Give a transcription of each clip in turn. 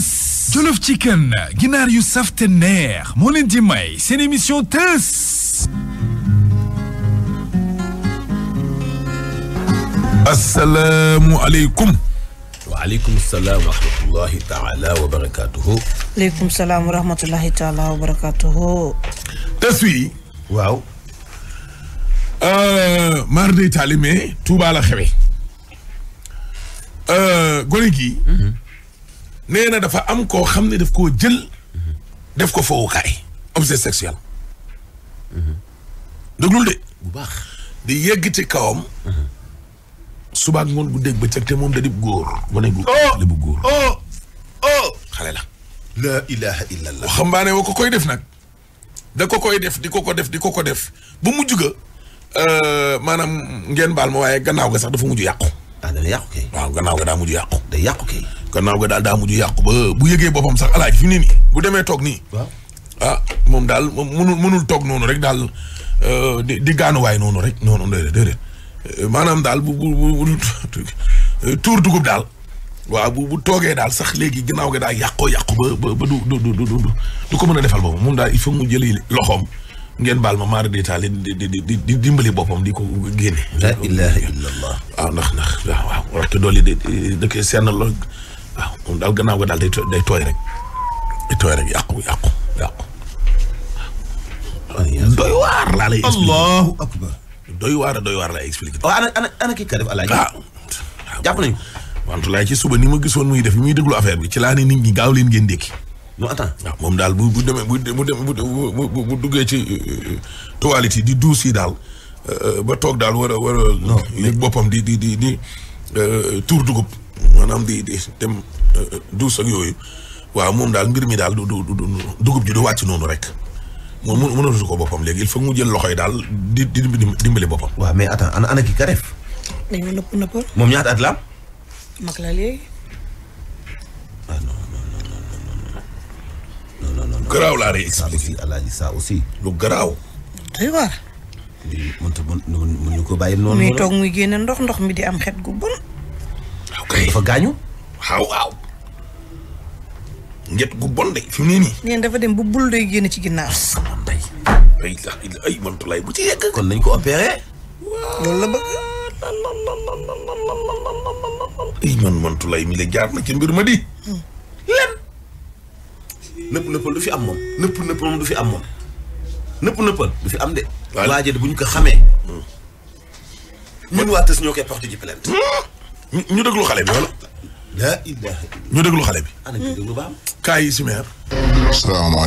tës jolof chicken ginaar yu saf te neex moo leen di may seen émission tës asalaamualeykum waaleykum salaam wa rahmatullahi taala wa barakatuhu aleykum salaam wa rahmatullahi taala wa barakatuhu tës wi waaw euh, mar day taali mais Tuuba la xewe euh, gone gi mhm. nee na dafa am koo xam ne daf koo jël def ko fowukaay objet sexuel déglul de bu baax di yëgg ci kawam subaak ngoon bu dégg ba cëg te moom da dib góor mu ne oh! bu góor oh oh xale la la ilaha illallah waxambaane wa ko koy def nag da ko koy def di ko ko def di ko ko def bu mujj ga euh, maanaam ngeen baal ma waaye gannaaw ga sax dafa mujj yàqu ah dana yàqu kay gannaaw ga daa mujj yàqu day yàqu kay gannaaw ga daal daa mujj yàqu ba bu yëgee boppam sax alaaj fi mu bu demee toog ni ah moom daal mënul mënul toog noonu rek daal di di gaanuwaay noonu rek noonu déedéet déedéet maanaam daal bu bu bu tuur dugub daal waaw bu bu toogee daal sax léegi gannaaw ga daal yàqoo yàqu ba ba ba du du du du du ko mën a defal boobu moom daal il faut mu jëli loxoom ngeen baal ma maar di di di di di boppam di ko génne. la ilaha illallah. waaw ndax ndax waaw waaw waxtu waaw moom daal gannaaw ga daal day day tooy rek day tooy rek yàqu yàqu yàqu. doy waar laa lay expliqué allahu akbar doy waar doy waar lay expliqué. waaw oh, ana ana ana kii ka def alaaji. Ah. jàpp nañu. Ah, wantulaay ci suba ni ma gisoon muy def muy déglu affaire bi ci laa ne nit ñi gaaw leen ngeen dékki. non attends waaw ah, moom daal bu bu demee bu bu bu bu duggee ci euh, euh, toilette yi di duus yi daal euh, ba toog daal war a war a. non boppam di di di di tuur dugub. maanaam di di dem euh, duus ak yooyu waaw moom daal mbir mi daal du du dugub ji du wàcc noonu rek moom mënatu ko boppam léegi il faut mu jël loxo yi daal di di dimbali boppam. waaw mais attends ana ana ka def. dañoo nëpp nëppal. moom ñaata at la am. mag la léegi. ah non non garaaw laa lay expliqué. aussi lu garaaw. doy waar. mënut a ñu ko bàyyi noonu. muy toog muy génne ndox ndox mi di am xet gu bon. ok dafa gaañu. waaw waaw. njët gu bon de fi mu ne nii. nee dafa dem bu bul day génn ci ginnaaw. sama ndey. ay ay mëntu lay bu ci yegg. kon nañ ko opéré. loolu la bëgg. ay man mi jaar na ma di. lépp. nëpp nëppal fi am moom. nëpp nëppal moom fi am moom. nëpp nëppal du fi am de. waaye waaje de bu ñu ko xamee. Hmm. ñun waa tës ñoo koy porté ji plainte. Hmm. ñu déglu xale bi wala. la ilaha ñu déglu xale bi. ana ñu déglu ba kaay yi si de dama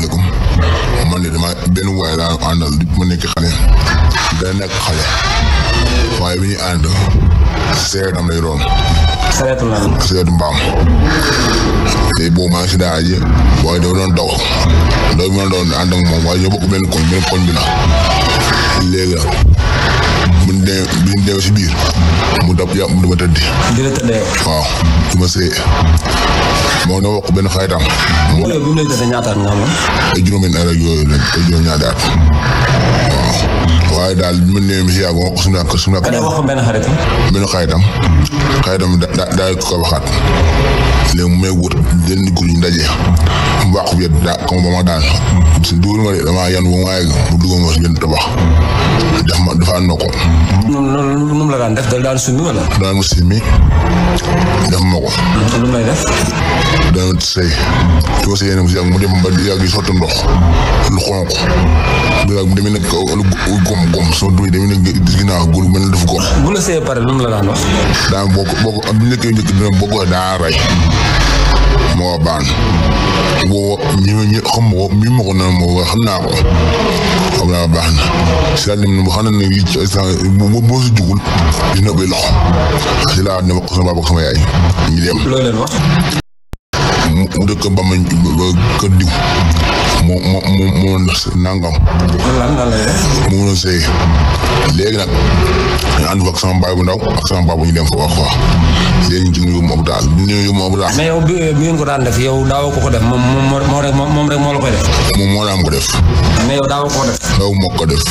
benn waay laa àndal di ma xale da nekk xale waaye bi ñu ànd seet am lay doon. sareetu mbaam sareetu mbaam. te boobu maa ngi si daara ji waaye dafa doon daw daw bi ma doon ànd ak waaye ñoo bokk benn koñ benn koñ bi la léegi bu ñu dee biir mu dab yàpp dama tëdd. dina tëddee. waaw du see moo ne wax benn xaytaam. mu ne bi mu nga xam ne. ay juróomi at ak yooyu la ay juróom ñaata at waaw waaye daal bi ma nee si yàgg wax suñu ak suñu ak. benn xaritam. benn xaritam. xaritam da da daay waxaat. ne mu may wër jënd góor ñu daje mbaaxu bi da xam ba ma daan si dugal ma de damaa yan ba mu aay mu dugal tabax daf ma dafa ànd ko. nu mu la daan def da daan summi wala. daan mu summi def ma ko. lu may mu si yàgg mu dem ba yàgg sotti ndox lu xonq lu yàgg mu demee soo duy demee nag ginnaaw ne def gom. bu daan wax. daan boo ko boo ko bu njëkkee njëkk dina boo daa rey. moo baax boo ñu ñu xam nga ko mi ma ko noonu xam naa xam naa baax na si laa dem bu xam ne nag boo boo si jugul dina bay loxo si laa ne wax leen wax. mu dëkk Bamba kër diw. moo moo moo nangam. moo doon sëy léegi nag ñu ànd ak sama baay bu ndaw ak sama baay ñu dem fa wax wax léegi ñu ci yóbbu ma hôpital bu ko daan def yow daawoo ko ko moom rek moo la koy def. moom moo daan ko def. mais yow daawoo ko ko def. daaw moo ko def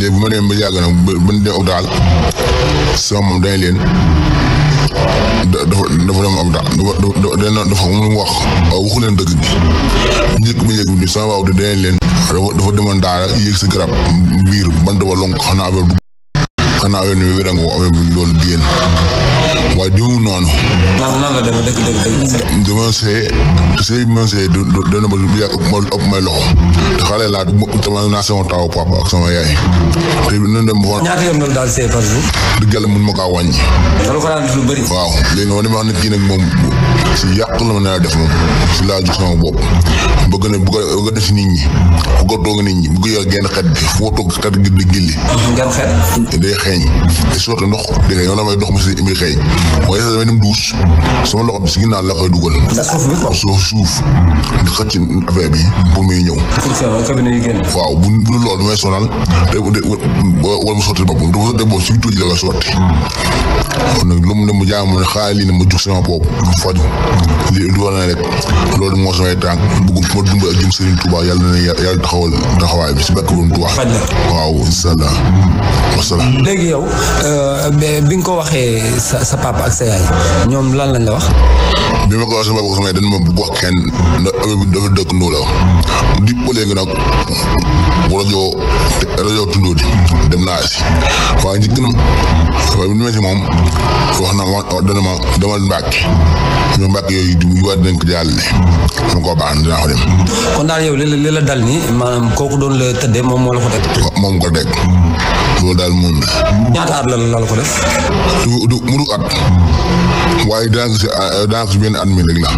léegi bu ma demee ba sama moom dañ leen. da dafa dafa doon am da dafa dafa mu wax waxu leen dëgg bi njëkk bi njëkk bi sama waaw da dañ leen dafa demoon daara yéeg si garab biir man dama lonk xanaa affaire xanaa yoon wi wér loolu génn waaye diw noonu. dama see sëy bi ma see du du dana ma du yàgg ma ëpp may loxo te xale laa dama naa sama taawu papa ak sama yaay te dina dem ba. ñaata yoon loolu daal see par jour. du gàll mun ma kaa wàññi. loolu ko daan def lu bëri. waaw léegi nag man damaa wax ne kii nag moom si yàq la ma naa def moom si laa gis sama bopp. bëgg na bëgg na si nit ñi bëgg a toog nit ñi bëgg yor genn xet bi foo toog xet gi di gilli genn xet day xeeñ te surtout ndox di xeeñ yoon may dox ma si mi xeeñ waaye sax damay dem duus sama loxo bi si ginnaaw la koy dugal suuf suuf di xëcc affaire bi pour muy ñëw waaw bu bu dul loolu damay sonal te wala mu sotti boppam dafa sotti boppam si tuuti la koy sotti kon nag lu mu ne mu jaam mu ne xaaral lii ne ma jug sama bopp faju li du war na rek loolu moo samay tànk bëggul foo dund ak jëm Serigne Touba yàlla na yàlla taxawal taxawaay bi si bakk borom Touba waaw incha allah wasalaam léegi euh, bi nga ko waxee sa sa papa ak sa yaay ñoom lan lañ la wax bi ma ko wax sama papa sama yaay dañ ma wax kenn dafa dëkk ndóo di pëlee nga nag rajo rajo tundóo di dem naa si waaye njëkk waaye bu ñu métti moom wax na ma dana ma demal Mbàkke ñu Mbàkke yooyu di war dinañ ko jàllale mu ko baax dinaa ko dem. kon daal yow li dal nii maanaam kooku doon la tëddee moom moo la ko teg. moom ko teg. loolu daal moom la. ñaata at la la ko def. du du mu du at. waaye daa ngi si daa ngi si benn at mi rek la.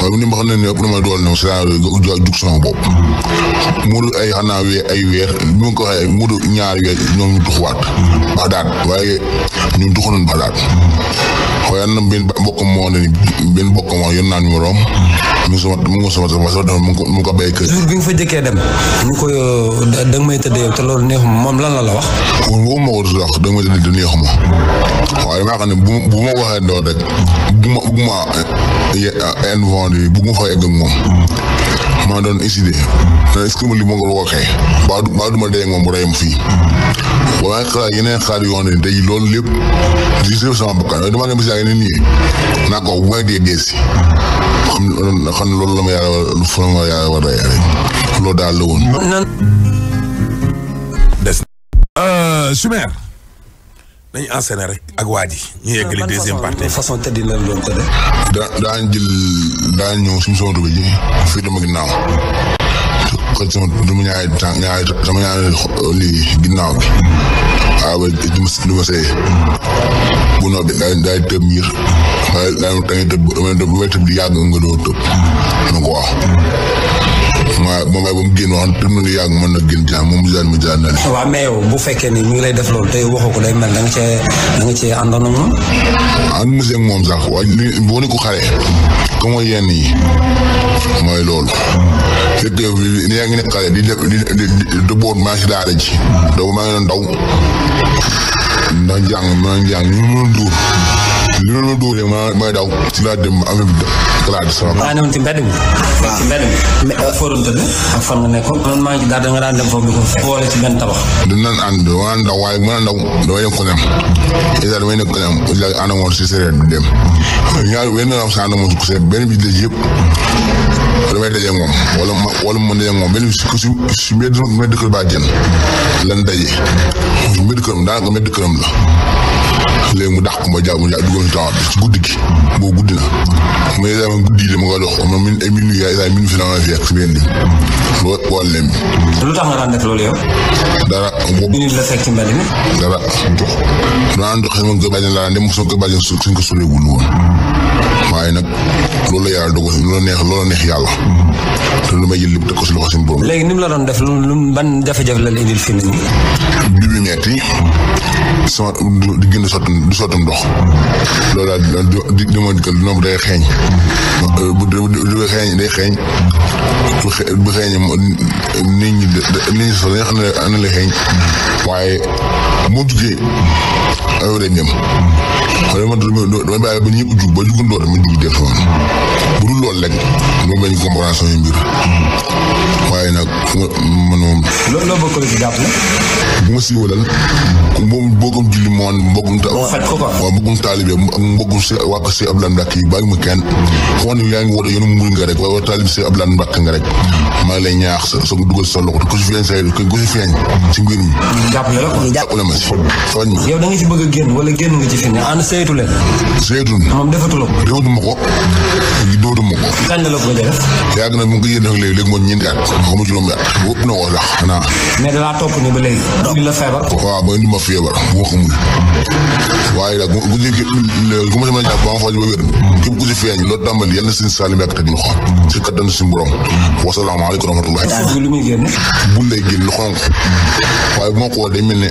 waaye bu ñu ma na ma dool nag c'est-à-dire mu du ay xanaa weer ko waxee mu du ñaari weer ñoom ñu duxuwaat. ba daat waaye ñun duxu nañ ba daat. waaye na benn mbokk moo ne mbokk moo yor naa numéro am. mu sama mu ngi sama sama mu ngi ko kër. bi nga jëkkee dem. ñu koy euh, da nga may tëddee te loolu neexum moom lan la. la wax. man waxuma ko du dox dama déglu du neexuma waaye damaa xam ne bu bu ma waxee doon rek bu ma bu ma eh, eh, inventé bu ma fa egg ak moom maa doon décidé est-ce que li ma ko waxee baa du baa du ma dee ak moom bu reyam fii. wala xalaat yeneen xalaat yoo xam ne tey loolu lépp di si sama bakkan waaye damaa dem si yaa ngi nii naa ko bu may dee dee si xam xam ne loolu la ma yàlla war fa ma yàlla war a rey loolu daal la woon. Euh, Soumer dañu rek ak waa euh, façon tëddi na daa daa jël daa ñëw suñu soxna bi ji fii dama ginnaaw. kon sama dama ñaari temps ñaari dama ñaari waaw ba ah, ma du ma see. bu noo daa tëb miir. waaye da ngay tëb da ngay tëb di yàgg wax. ma ma ba mu génn woon mu ngi yàgg mën na génn jaan moom jaan mi jaan na leen. waaw bu fekkee ni mu ngi lay def loolu tey waxoo ko day mel da nga cee da nga cee àndoon moom. ànd na seeg moom sax waaye li boo ko xale. comme mooy yenn yi mooy loolu. fekk ni yaa ngi di def di di di boon maa si daara ji. donc maa ngi doon daw. ndax jàng ngi jàng ñu duur. bi ma doon may daw ci laa dem affaire bi éclaté sama. maa ngi ci mbedd mi. Euh, dem foofu di ko fekk. dem ko dem. isa damay nekk ko dem isa àndamoon si séeréer bi dem. ñaar benn am la. léegi mu dàq ma jàmm ja dugal temps bi ci guddi gi boo guddi na mais daal guddi gi dama ko dox ma min ay minu yaay daal minu fi naa fi ak benn lool wàll leen lu tax nga daan def loolu yow dara nit la fekk ci mbedd mi dara dox daan dox ma gëbaaj laa dem mosoo gëbaaj suñ ko soleegul woon waaye nag loolu la yàlla dogal loolu neex loolu yàlla. te lu may jël lépp teg ko si loxo suñu léegi ni la doon def lu ban jafe-jafe la la indil fi mu ne nii. bi bi metti sama di gën a sotti du sotti ndox. loolu daal di di ma dikkal noom day xeeñ. bu dee xeeñ day xeeñ. bu xe bu xeeñee nit ñi nit ñi sax xeeñ waaye. boo jugee ayoo ñam. xam nga man damay bàyyi ba ñëpp jug ba def woon. bu dul loolu rek dama bañ compréhension waaye nag man moom. loolu loo bokkul ci jàpp bu ma siiwalal. moom mboggum julli moon mboggum. waaw faj ko quoi waaw mboggum taalibe ak mboggum si waa ko si Abdoulaye Mbacke yi bàyyi mu kenn. xaw ma ne yaa ngi woote yoonu muur nga rek waaye waa taalibe si Abdoulaye Mbacke nga rek. maa ngi lay ñaax sa sa dugal sa loxo te si feeñ si feeñ. ci mbir mi. ñu jàppale ma soñ ma yow da nga ci bëgg a génn wala génn nga ci fi ne ànd saytu leen saytu na moom defatu la ko defatu ma ko dootu mu ngi yéen ak léegi léegi moom ñeenti at waxuma na ko sax xanaa mais da laa topp ni ba léegi la feebar waaw ba indi ma feebar waxumul waaye nag ku ci ma ñàkk ba ma faj ba wér képp ku ci feeñ loolu tàmbali yal na seen salim yàgg teg lu xool si kattan si borom wasalaamaaleykum rahmatulah bu lay génn lu xonk waaye bu ma ko day mel ne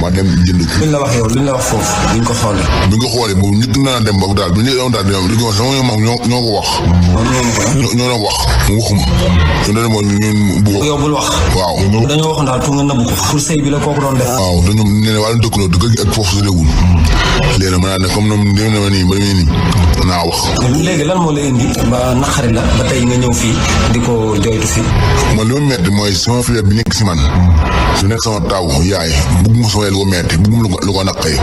ma dem jënd ko. liñ la wax yow liñ la wax foofu duñ ko xoolee. duñ ko xoolee boobu ñu dund naa dem ba daal bu ñu doon daal di ko wax sama ñoom ñoo ñoo ko wax. ñoo ñoo doon wax waxuma. ñu doon moom ñun bu. yow bul wax. waaw dañoo waxoon daal pour nga nëbb ko. pour sëy bi la kooku doon def. waaw dañu ne ne wàllu dëkkaloo dëkk ak foofu su réewul. léegi mën naa ne comme ñoom ñoom ñoo ne nii ba ñu nii naa wax. léegi lan moo la indi. ba naqari la ba tey nga ñëw fii di ko jooytu fii. man li ma metti mooy sama filet bi nekk si man su nekk sama taw yaay bëgg ma sama lu ko metti bëgguma lu ko lu ko naqari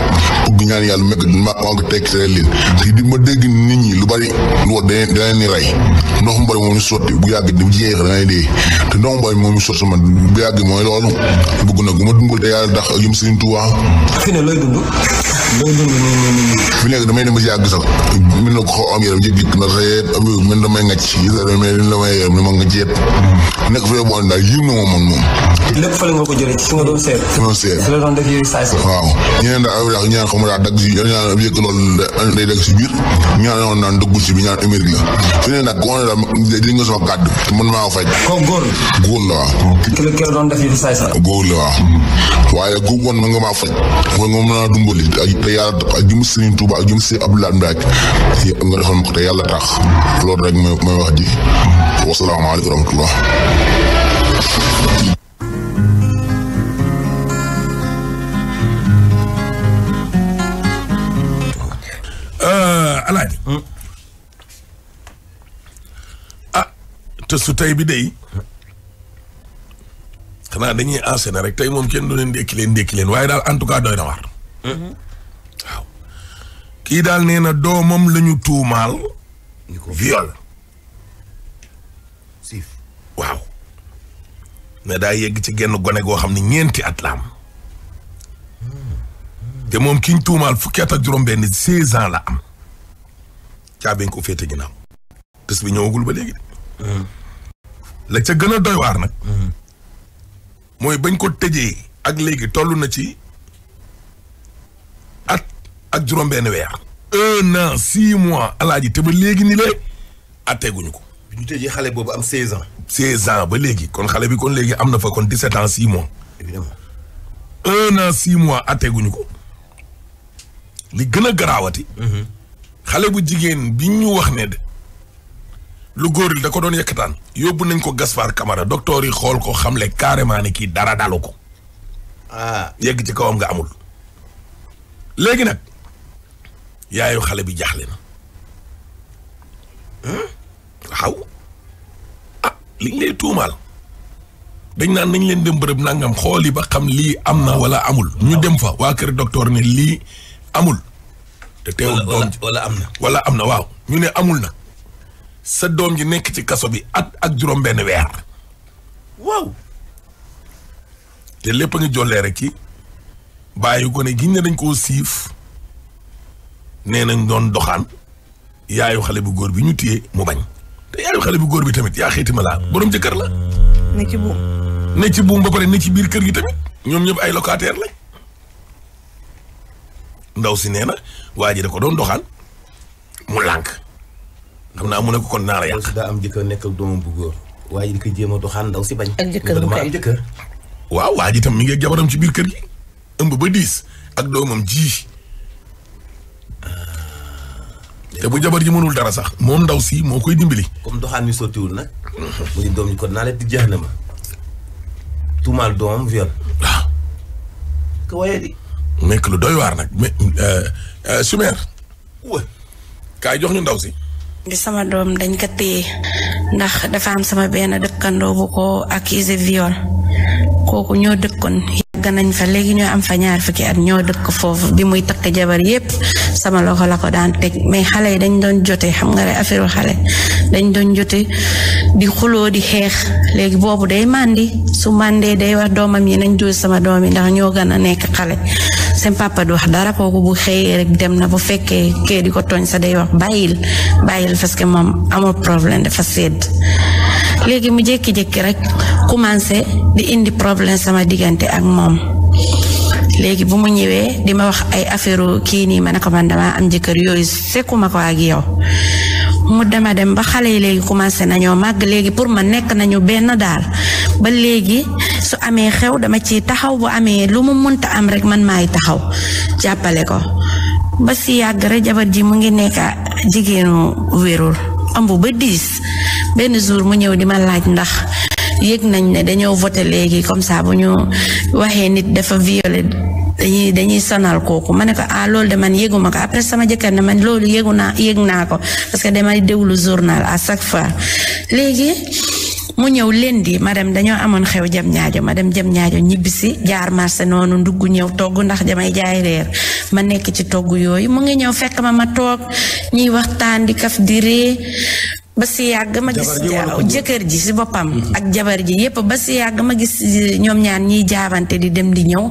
bëgg ñaan yàlla mekk ma maa ngi tekki seen lil te di ma dégg nit ñi lu bari lu wax dana dana ni rey ndox bari moom sotti bu yàgg di jeex dana dee te moom loolu bëgg nag bu ma dundal te yàlla dax ak yëm Sëriñ Tuubaa fi ne looy dund looy dund fi nekk damay dem ba yàgg sax mën na ko xaw am yaram jékki na reet am yooyu mën damay ngacc yi damay yaram ni ma nga jeet nekk fi ne boo xam ne daal a na moom man moom lépp nga ko jëlee ci nga doon seet waaw ñeneen daal aw daal ñaan xamul daal dagg si ñaan yëkk loolu day dagg ñaan noonu bi ñaan émérique la fi ne nag ko ne daal di nga sama kàddu te mën maa faj ko góor góor la waaw ki la doon def yi saay saay góor la waaw waaye góor woon mën nga maa faj mën nga mën a dumbali te yàlla tax ak jëm Serigne ma ko te yàlla tax loolu rek mooy wax ji wasalaamaaleykum wa rahmatullah Euh, alaaji ah te su tey bi day xanaa dañuy enseigner rek tey moom kenn du leen ndékki leen ndékki leen waaye daal en tout cas doy na waar waaw kii daal nee na doomam la ñu tuumaal viol siif waaw ne daa yegg ci genn gone goo xam ne ñeenti at la am te moom ki ñu tuumaal fukki at ak juróom ans la am caabi ko féete ginnaaw. tës bi ñëwagul ba léegi hmm. la ca gën a doy waar nag. Hmm. mooy bañ ko tëjee ak léegi toll na ci at ak juróom-benn weer. un an six mois alaaji te ba léegi ni le atteeguñu ko. bi ñu tëjee xale boobu am seize ans. seize ans ba léegi kon xale bi kon léegi am na fa kon dix-sept ans six mois. un an six mois atteeguñu ko. li gën garaawati. Hmm. xale bu jigéen bi ñu wax ne de lu góoril da ko doon yëkkataan yóbbu nañ ko Gaspard kamara docteur yi xool ko xamle carrément ne kii dara dalu ko ah. yegg ci kawam nga amul léegi nag yaayu xale bi jaaxle na waaw ah liñ lay tuumaal dañ naan nañ leen dem bërëb nangam xool yi ba xam lii am na wala amul ñu dem fa waa kër docteur ne lii amul te teewul wala am na wala am na waaw ñu ne amul na sa doom ji nekk ci kaso bi at ak juróom benn weer waaw te lépp a ngi jollee rek ci bàyyi ko ne giñ ne dañ koo siif nee nañ doon doxaan yaayu xale bu góor bi ñu téye mu bañ te yaayu xale bu góor bi tamit yaa xeeti ma laa borom jëkkër la ne ci buum ne ci buum ba pare ne ci biir kër gi tamit ñoom ñëpp ay locataire la ndaw si nee na waa ji da ko doon doxaan mu lànk xam naa mu ne ko kon naa la yàq. daa am jëkkër nekk ak doomam bu góor. waa ji di ko ndaw si bañ. ak jëkkër bu am jëkkër. waaw ci biir kër gi. ëmb ba diis ak doomam ah. bu jabar ji mënul dara sax moom ndaw si moo koy dimbali. comme doxaan mi sottiwul nag. mu ni doom ji di jeex na ma. tuumaal doomam nekk lu doy waar nag mais Chumère. Euh, euh, wa kaay jox ñu ndaw si. sama doom dañ ko téye ndax dafa am sama benn dëkkandoo bu ko accusé viol kooku ñoo dëkkoon. yàgg nañ fa léegi ñoo am fa ñaar fukki at ñoo dëkk foofu bi muy takk jabar yépp sama loxo la daan teg mais xale yi dañ doon jote xam nga rek affaire xale dañ doon jote di xuloo di xeex léegi boobu day màndi su màndee day wax doomam yi nañ jooy sama doom yi ndax ñoo gën a nekk xale seen papa du wax dara kooku bu xëyee rek dem na bu fekkee kee di ko tooñ sa day wax bàyyil bàyyil parce que moom amul problème dafa sedd léegi mu jékki-jékki rek commencé di indi problème sama diggante ak moom léegi bu mu ñëwee di ma wax ay affaire kii nii ma ne ko man am jëkkër yooyu sekkuma ko ak yow mu dama dem ba xale léegi commencé nañoo màgg léegi pour ma nekk nañu benn daal ba léegi su amee xew dama ci taxaw bu amee lu mu munta am rek man maay taxaw jàppale ko ba si yàgg rek jabar ji mu ngi nekk jigéenu wérul ëmb ba diis benn jour mu ñëw di ma laaj ndax yëg nañ ne dañoo voté léegi comme ça bu ñu waxee nit dafa violé dañuy dañuy sonal kooku ma ne ko ah loolu de man yëgu ma ko après sama jëkkër ne man loolu yëgu naa yëg naa ko parce que damay déglu journal à chaque fois léegi mu ñëw lendi ma dem dañoo amoon xew jam ñaajo ma dem jam ñaajo ñibbisi jaar marché noonu ndugg ñëw togg ndax damay jaay reer ma nekk ci togg yooyu mu ngi ñëw fekk ma ma toog ñuy waxtaan di kaf di ba si yàgg ma gis jëkkër ji si boppam mm-hmm. ak jabar ji yépp ba si yàgg ma gis ñoom ñaan ñiy jaabante di dem di ñëw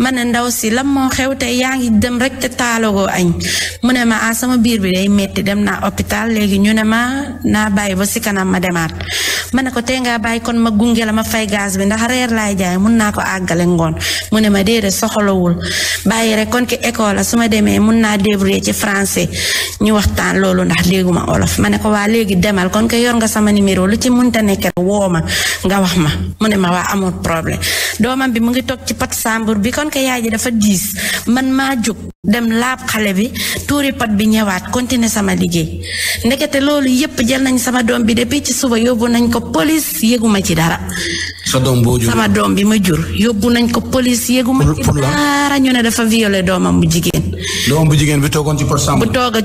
ma ne ndaw si lan moo xew te yaa ngi dem rek te taalagoo añ mu ne ma ah sama biir bi day metti dem naa hôpital léegi ñu ne ma naa bàyyi ba si kanam ma demaat ma ne ko tey ngaa bàyyi kon ma gunge la ma fay gaz bi ndax reer laay jaay mun naa ko àggale ngoon mu ne ma déedéet soxlawul bàyyi rek kon ki école la su ma demee mun naa débrouiller ci français ñu waxtaan loolu ndax dégguma olof ma ne ko waa léegi léegi demal kon ko yor nga sama numéro lu ci mënta nekk woo ma nga wax ma mu ne ma waa amul problème doomam bi mu ngi toog ci pat sambur bi kon ko yaay ji dafa diis man maa jóg dem laab xale bi tuuri pat bi ñëwaat continuer sama liggéey ndekete loolu yépp jël nañ sama doom bi depuis ci suba yóbbu nañ ko police yëguma ci dara sama doom bi ma jur yóbbu nañ ko police yëguma ci dara ñu ne dafa violé doomam bu jigéen doomam bu jigéen bi toogoon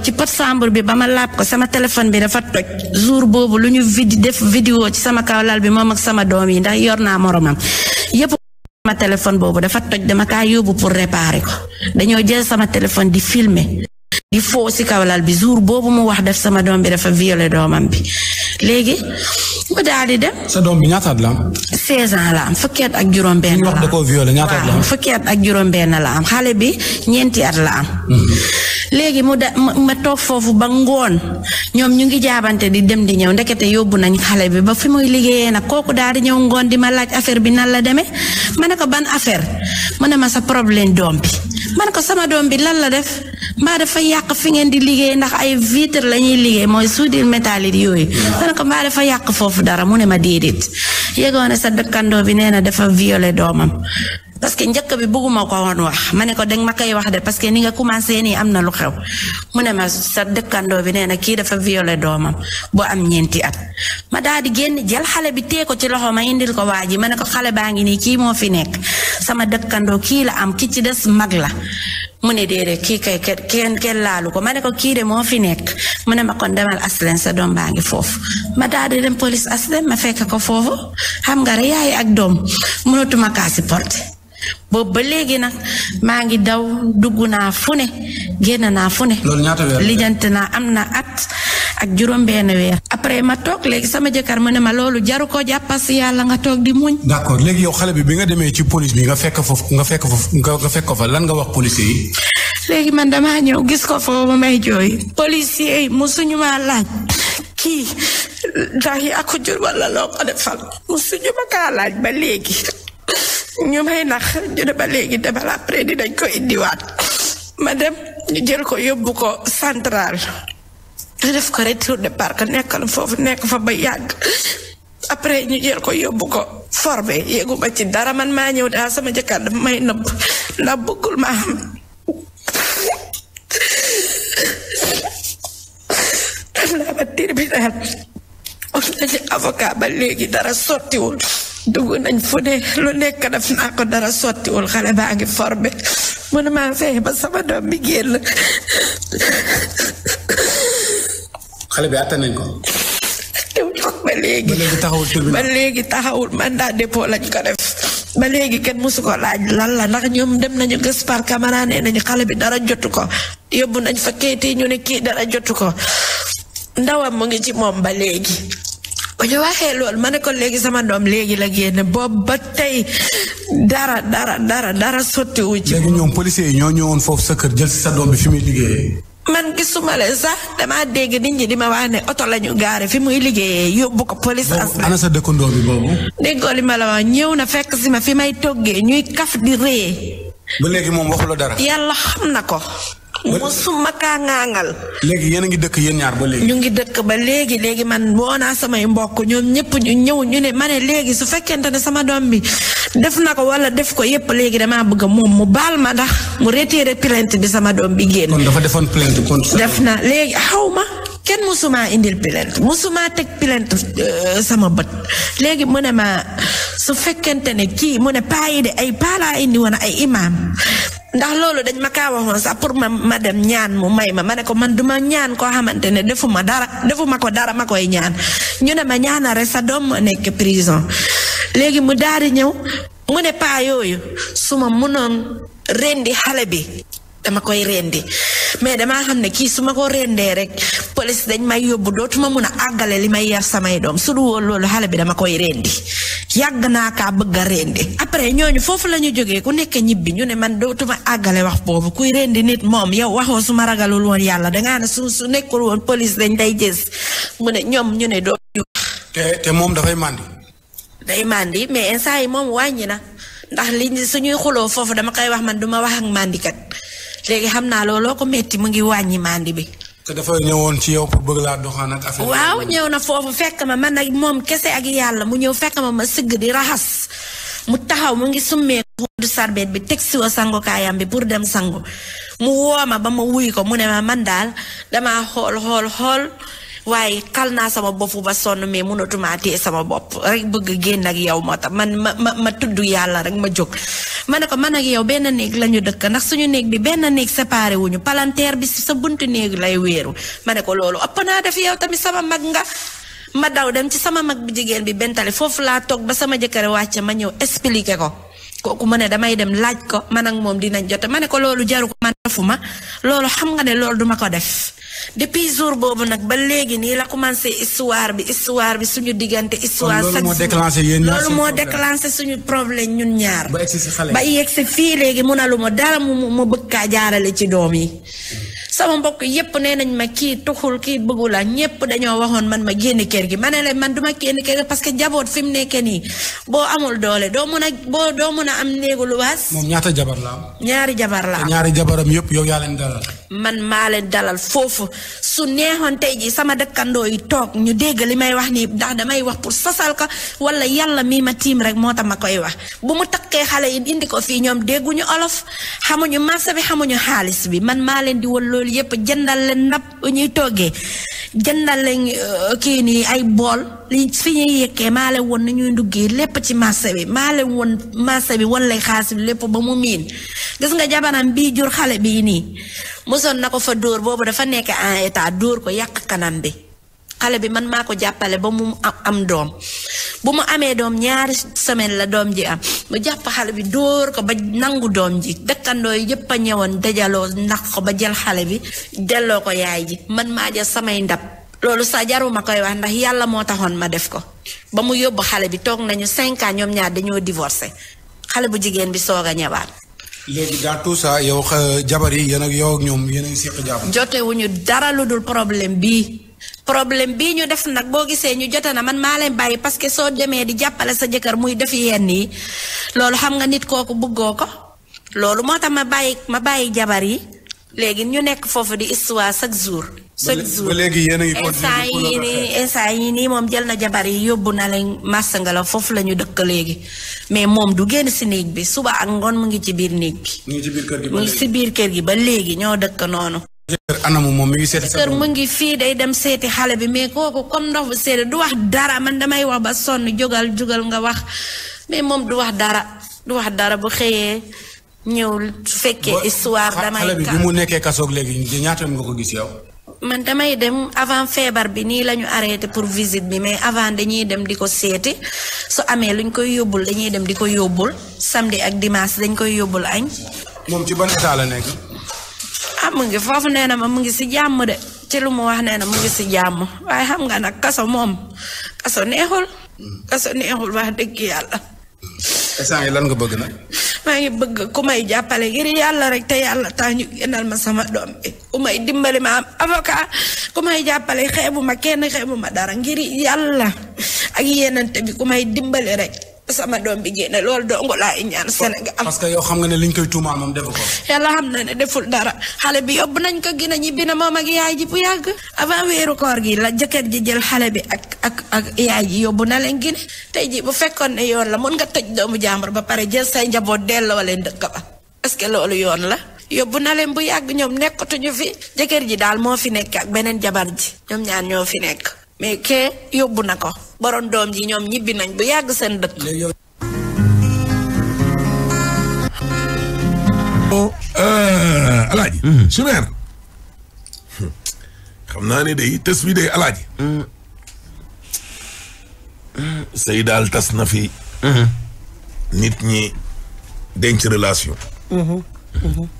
ci pat sambur bi ba ma laab ko sama téléphone bi dafa toj jour boobu lu ñu vid def vidéo ci sama kaw lal bi moom ak sama doom yi ndax yor naa moromam yépp sama téléphone boobu dafa toj dama kaa yóbbu pour réparer ko dañoo jël sama téléphone di filmer di foo si kawlal bi jour boobu mu wax def sama doom bi dafa violé doomam bi léegi mu daal dem. sa doom bi ñaata at la am. 16 la am fukki at ak juróom-benn la am. ak juróom la am xale bi ñeenti at la am. Mm-hmm. léegi mu da ma toog foofu ba ngoon ñoom ñu ngi jaabante di dem di ñëw ndekete yóbbu nañ xale bi ba fi muy liggéeyee nag kooku daal di ñëw ngoon di ma laaj affaire bi nan la demee ma ne ko ban affaire ma ne ma sa problème doom bi. man ko sama doom bi lan la def mbaa dafa yàq fi ngeen di liggéey ndax ay vitre la ñuy liggéey mooy soudure métallique yooyu man ko mbaa dafa yàq foofu dara mu ne ma déedéet yëgoon ne sa dëkkandoo bi nee na dafa viole doomam parce que njëkk bi bëgguma ko woon wax ma ne ko danga ma koy wax de parce que ni nga commencé nii am na lu xew mu ne ma sa dëkkandoo bi nee na kii dafa violé doomam boo am ñeenti at ma daal di génn jël xale bi tee ko ci loxo ma indil ko waa ji ma ne ko xale baa ngi nii kii moo fi nekk sama dëkkandoo kii la am kii ci des mag la mu ne déedéet kii kay kenn kenn laalu ko ma ne ko kii de moo fi nekk mu ne ma kon demal aslen sa doom baa ngi foofu ma daal di dem police aslen ma fekke ko foofu xam nga rek yaay ak doom mënatuma kaa si porte boobu ba léegi nag maa ngi daw dugg naa fu ne génn naa fu loolu ñaata weer lijjante naa am na at ak juróom-benn weer. après ma toog léegi sama jëkkër mu ne ma loolu jaru ko jàppal si yàlla nga toog di muñ. d' accord léegi yow xale bi bi nga demee ci police bi nga fekk foofu nga fekk foofu nga fekk ko fa lan nga wax policier yi. léegi man dama ñëw gis ko foofu ma may jooy. policier yi suñu maa laaj kii ndax yi ak jur wala loo ko defal mosuñu ma kaa laaj ba léegi. ñu may nax ñu ne ba léegi demal après dinañ ko indiwaat ma dem ñu jël ko yóbbu ko central ñu def ko retour de parc nekkal foofu nekk fa ba yàgg après ñu jël ko yóbbu ko formé yéeguma ci dara man maa ñëw daal sama jëkkër dafa may nëbb ndax bëggul maa xam def naa ba avocat ba léegi dara sottiwul dugg nañ fu ne lu nekk def naa ko dara sottiwul xale baa ngi formé mënuma fexe ba sama doom bi génn. xale bi àttan nañ ko. ba léegi ba léegi taxawul mandat dépôt lañ ko def. ba léegi kenn mësu ko laaj lan la ndax ñoom dem nañu gës par camara nee nañu xale bi dara jotu ko yóbbu nañ fa kayit ñu ne kii dara jotu ko ndawam mu ngi ci moom ba léegi. ba ñu waxee loolu ma ne ko léegi sama doom léegi la génn boobu ba tey dara dara dara dara sotti wu ci. ñoom policiers yi ñoo ñëwoon foofu sa kër jël si sa doom bi fi muy liggéeyee. man gisuma leen sax damaa dégg nit ñi di ma wax ne oto la ñu gaare fi muy liggéeyee yóbbu ko police askan. ana sa dëkkandoo bi boobu. déggoo li ma la wax ñëw na fekk si ma fi may toggee ñuy kaf di rëyee. ba léegi moom waxu dara. yàlla xam na ko. musuma kaa ŋaangal. léegi yéen a ngi dëkk yéen ñaar ba léegi. ñu ngi dëkk ba léegi léegi man woo naa samay mbokk ñoom ñëpp ñu ñëw ñu ne ma léegi su fekkente ne sama doom bi def na ko wala def ko yépp léegi damaa bëgg moom mu baal ma ndax mu retiré plainte bi sama doom bi génn. kon dafa defoon plainte kon. def na léegi xaw ma kenn musuma indil plainte musuma teg plainte euh, sama bët léegi mu ne ma su fekkente ne kii mu ne paa yi de ay paa laa indi woon ay imaam ndax loolu dañ ma kaa waxoon sax pour ma ma dem ñaan mu may ma ma ne ko man duma ñaan koo xamante ne defu ma dara defu ma ko dara ma koy ñaan ñu ne ma ñaan ñaana rek sa doom moo nekk prison léegi mu daal di ñëw mu ne paa yooyu su ma mënoon rendi xale bi dama koy rendi mais dama xam ne kii su ma ko rendee rek police dañ may yóbbu dootuma mun a àggale li may yar samay doom su du woon loolu xale bi dama koy rendi yàgg naa kaa bëgg a rendi ñooñu foofu la ñu jógee ku nekk ñibbi ñu ne man dootuma àggale wax boobu kuy rendi nit moom yow waxoo su ma ragalul woon yàlla dangaa ne su su nekkul woon police dañ day gis mu ne ñoom ñu ne doo te moom dafay màndi day màndi mais instant yi moom wàññi na ndax li suñuy xuloo foofu dama koy wax man duma wax ak màndikat léegi xam naa looloo ko metti mu ngi wàññi màndi bi. que dafa ñëwoon ci yow pour bëgg laa doxaan ak waaw ñëw na foofu fekk ma man nag moom kese ak yàlla mu ñëw fekk ma ma sëgg di raxas mu taxaw mu ngi summee xóotu sarbet bi teg si sangukaayam bi pour dem sangu mu wooma ba ma wuy ko mu ne ma man daal damaa xool xool waaye kal naa sama bopp ba sonn mais mënatumaa téye sama bopp rek bëgg génn ak yow moo tax man ma ma ma tudd yàlla rek ma jóg ma ne ko man ak yow benn néeg la ñu dëkk ndax suñu néeg bi benn néeg séparé ñu palanteer bi si sa buntu néeg lay wéeru ma ne ko loolu ëpp naa def yow tamit sama mag nga ma daw dem ci sama mag jigéen bi bentale foofu laa toog ba sama jëkkër wàcce ma ñëw expliqué ko kooku ma ne damay dem laaj ko man ak moom dinañ jote ma ne ko loolu jaru ko defuma loolu xam nga ne loolu duma ko def depuis jour boobu nag ba léegi nii la commencé histoire bi histoire bi suñu diggante histoire loolu moo déclenché yéen ñaar loolu moo déclenché suñu problème ñun ñaar ba yegg si fii léegi mun lu ma dara mu mu bëgg kaa jaarale ci doom yi sama mbokk yépp nee nañ ma kii tuxul kii bëggu la ñépp dañoo waxoon man ma génn kër gi ma ne la man duma génn kër gi parce que jaboot fi mu nekkee nii boo amul doole doo mën a boo doo mun am néegu lu waas moom ñaata ñaari jabar la yëpp yow yaa leen dalal. man maa leen dalal foofu su neexoon tey jii sama dëkkandoo yi toog ñu dégg li may wax nii ndax damay wax pour sosal ko wala yàlla mii ma tiim rek moo tax ma koy wax bu mu takkee xale yi indi ko fii ñoom dégguñu olof xamuñu marché bi xamuñu xaalis bi man maa leen di wal loolu yëpp jëndal leen ndab ñuy toggee jëndal leen euh, kii nii ay bool. li fi ñu yekkee maa leen woon ñuy duggee lépp ci marché bi maa leen woon marché bi wan lay xaalis bi lépp ba mu miin gis nga jabaram bii jur xale bi nii mosoon na ko fa dóor boobu dafa nekk en état dóor ko yàq kanam bi xale bi man maa ko jàppale ba mu am doom bu mu amee doom ñaari semaine la doom ji am mu jàpp xale bi dóor ko ba nangu doom ji dëkkandoo yépp a ñëwoon dajaloo ndax ko ba jël xale bi delloo ko yaay ji man maa jël samay ndab loolu sax jaruma ma koy wax ndax yàlla moo taxoon ma def ko ba mu yóbbu xale bi toog nañu cinq ans ñoom ñaar dañoo divorcé xale bu jigéen bi soog a ñëwaat. léegi dans tout yow jabar yi yéen yow ak ñoom yéen a ngi seq jàmm. jotewuñu dara lu dul problème bii. problème bii ñu def nag boo gisee ñu jote na man maa leen bàyyi parce que soo demee di jàppale sa jëkkër muy def yenn yi loolu xam nga nit kooku bëggoo ko loolu moo tax ma bàyyi ma bàyyi jabar yi léegi ñu nekk foofu di histoire chaque jour. chaque jour ba léegi yéen a ngi instant yii nii instant moom jël na jabar yi yóbbu na leen màssa nga la foofu la ñu dëkk léegi mais moom du génn si néeg bi suba ak ngoon mu ngi ci biir néeg bi. mu ngi ci biir kër si biir kër gi ba léegi ñoo dëkk noonu. jëkkër anamu moom mi mu ngi fii day dem seeti xale bi mais kooku comme ndox bu du wax dara man damay wax ba sonn jógal jógal nga wax mais moom du wax dara du wax dara bu xëyee. ñëw su fekkee histoire damay. xale bi bi mu nekkee kasoog léegi ñaata nga ko gis yow man damay dem avant feebar bi nii lañu ñu pour visite bi mais avant dañuy dem di ko seeti su amee luñ koy yóbbul dañuy dem di ko yóbbul samedi ak dimanche dañ koy yóbbul añ. moom ci ban état la nekk. ah mu ngi foofu nee na ma mu ngi si jàmm de ci lu mu wax nee na mu ngi si jàmm waaye xam nga nag kaso moom kaso neexul. Hmm. kaso neexul wax dëgg yàlla. instant yi lan nga bëgg na maa ngi bëgg ku may jàppale ngir yàlla rek te yàlla tax ñu génnal ma sama doom bi ku may dimbali ma am avocat ku may jàppale xeebu ma kenn xeebu ma dara ngir yàlla ak yenente bi ku may dimbali rek sama doom bi génne loolu dong laay ñaan Sénégal. parce que yow xam nga ne liñ koy tuumaal moom deful dara xale bi yóbbu nañ ko gina ñibbi na moom ak yaay ji bu yàgg. avant weeru koor gi la jëkkër ji jël xale bi ak ak ak yaay ji yóbbu na leen gine tey ji bu fekkoon ne yoon la mën nga tëj doomu jàmbur ba pare jël say njaboot delloo leen dëkk ba est-ce que loolu yoon la. yóbbu na leen bu yàgg ñoom nekkatuñu fi jëkkër ji daal moo fi nekk ak beneen jabar ji ñoom ñaar ñoo fi nekk. mais kee yóbbu na ko borom doom ji ñoom ñibbi nañ bu yàgg seen dëkk. Oh, euh, alaaji hmm. sumeer xam naa ne day tës bi day alaaji hmm. sëy daal tas na fi hmm. nit ñi denc relation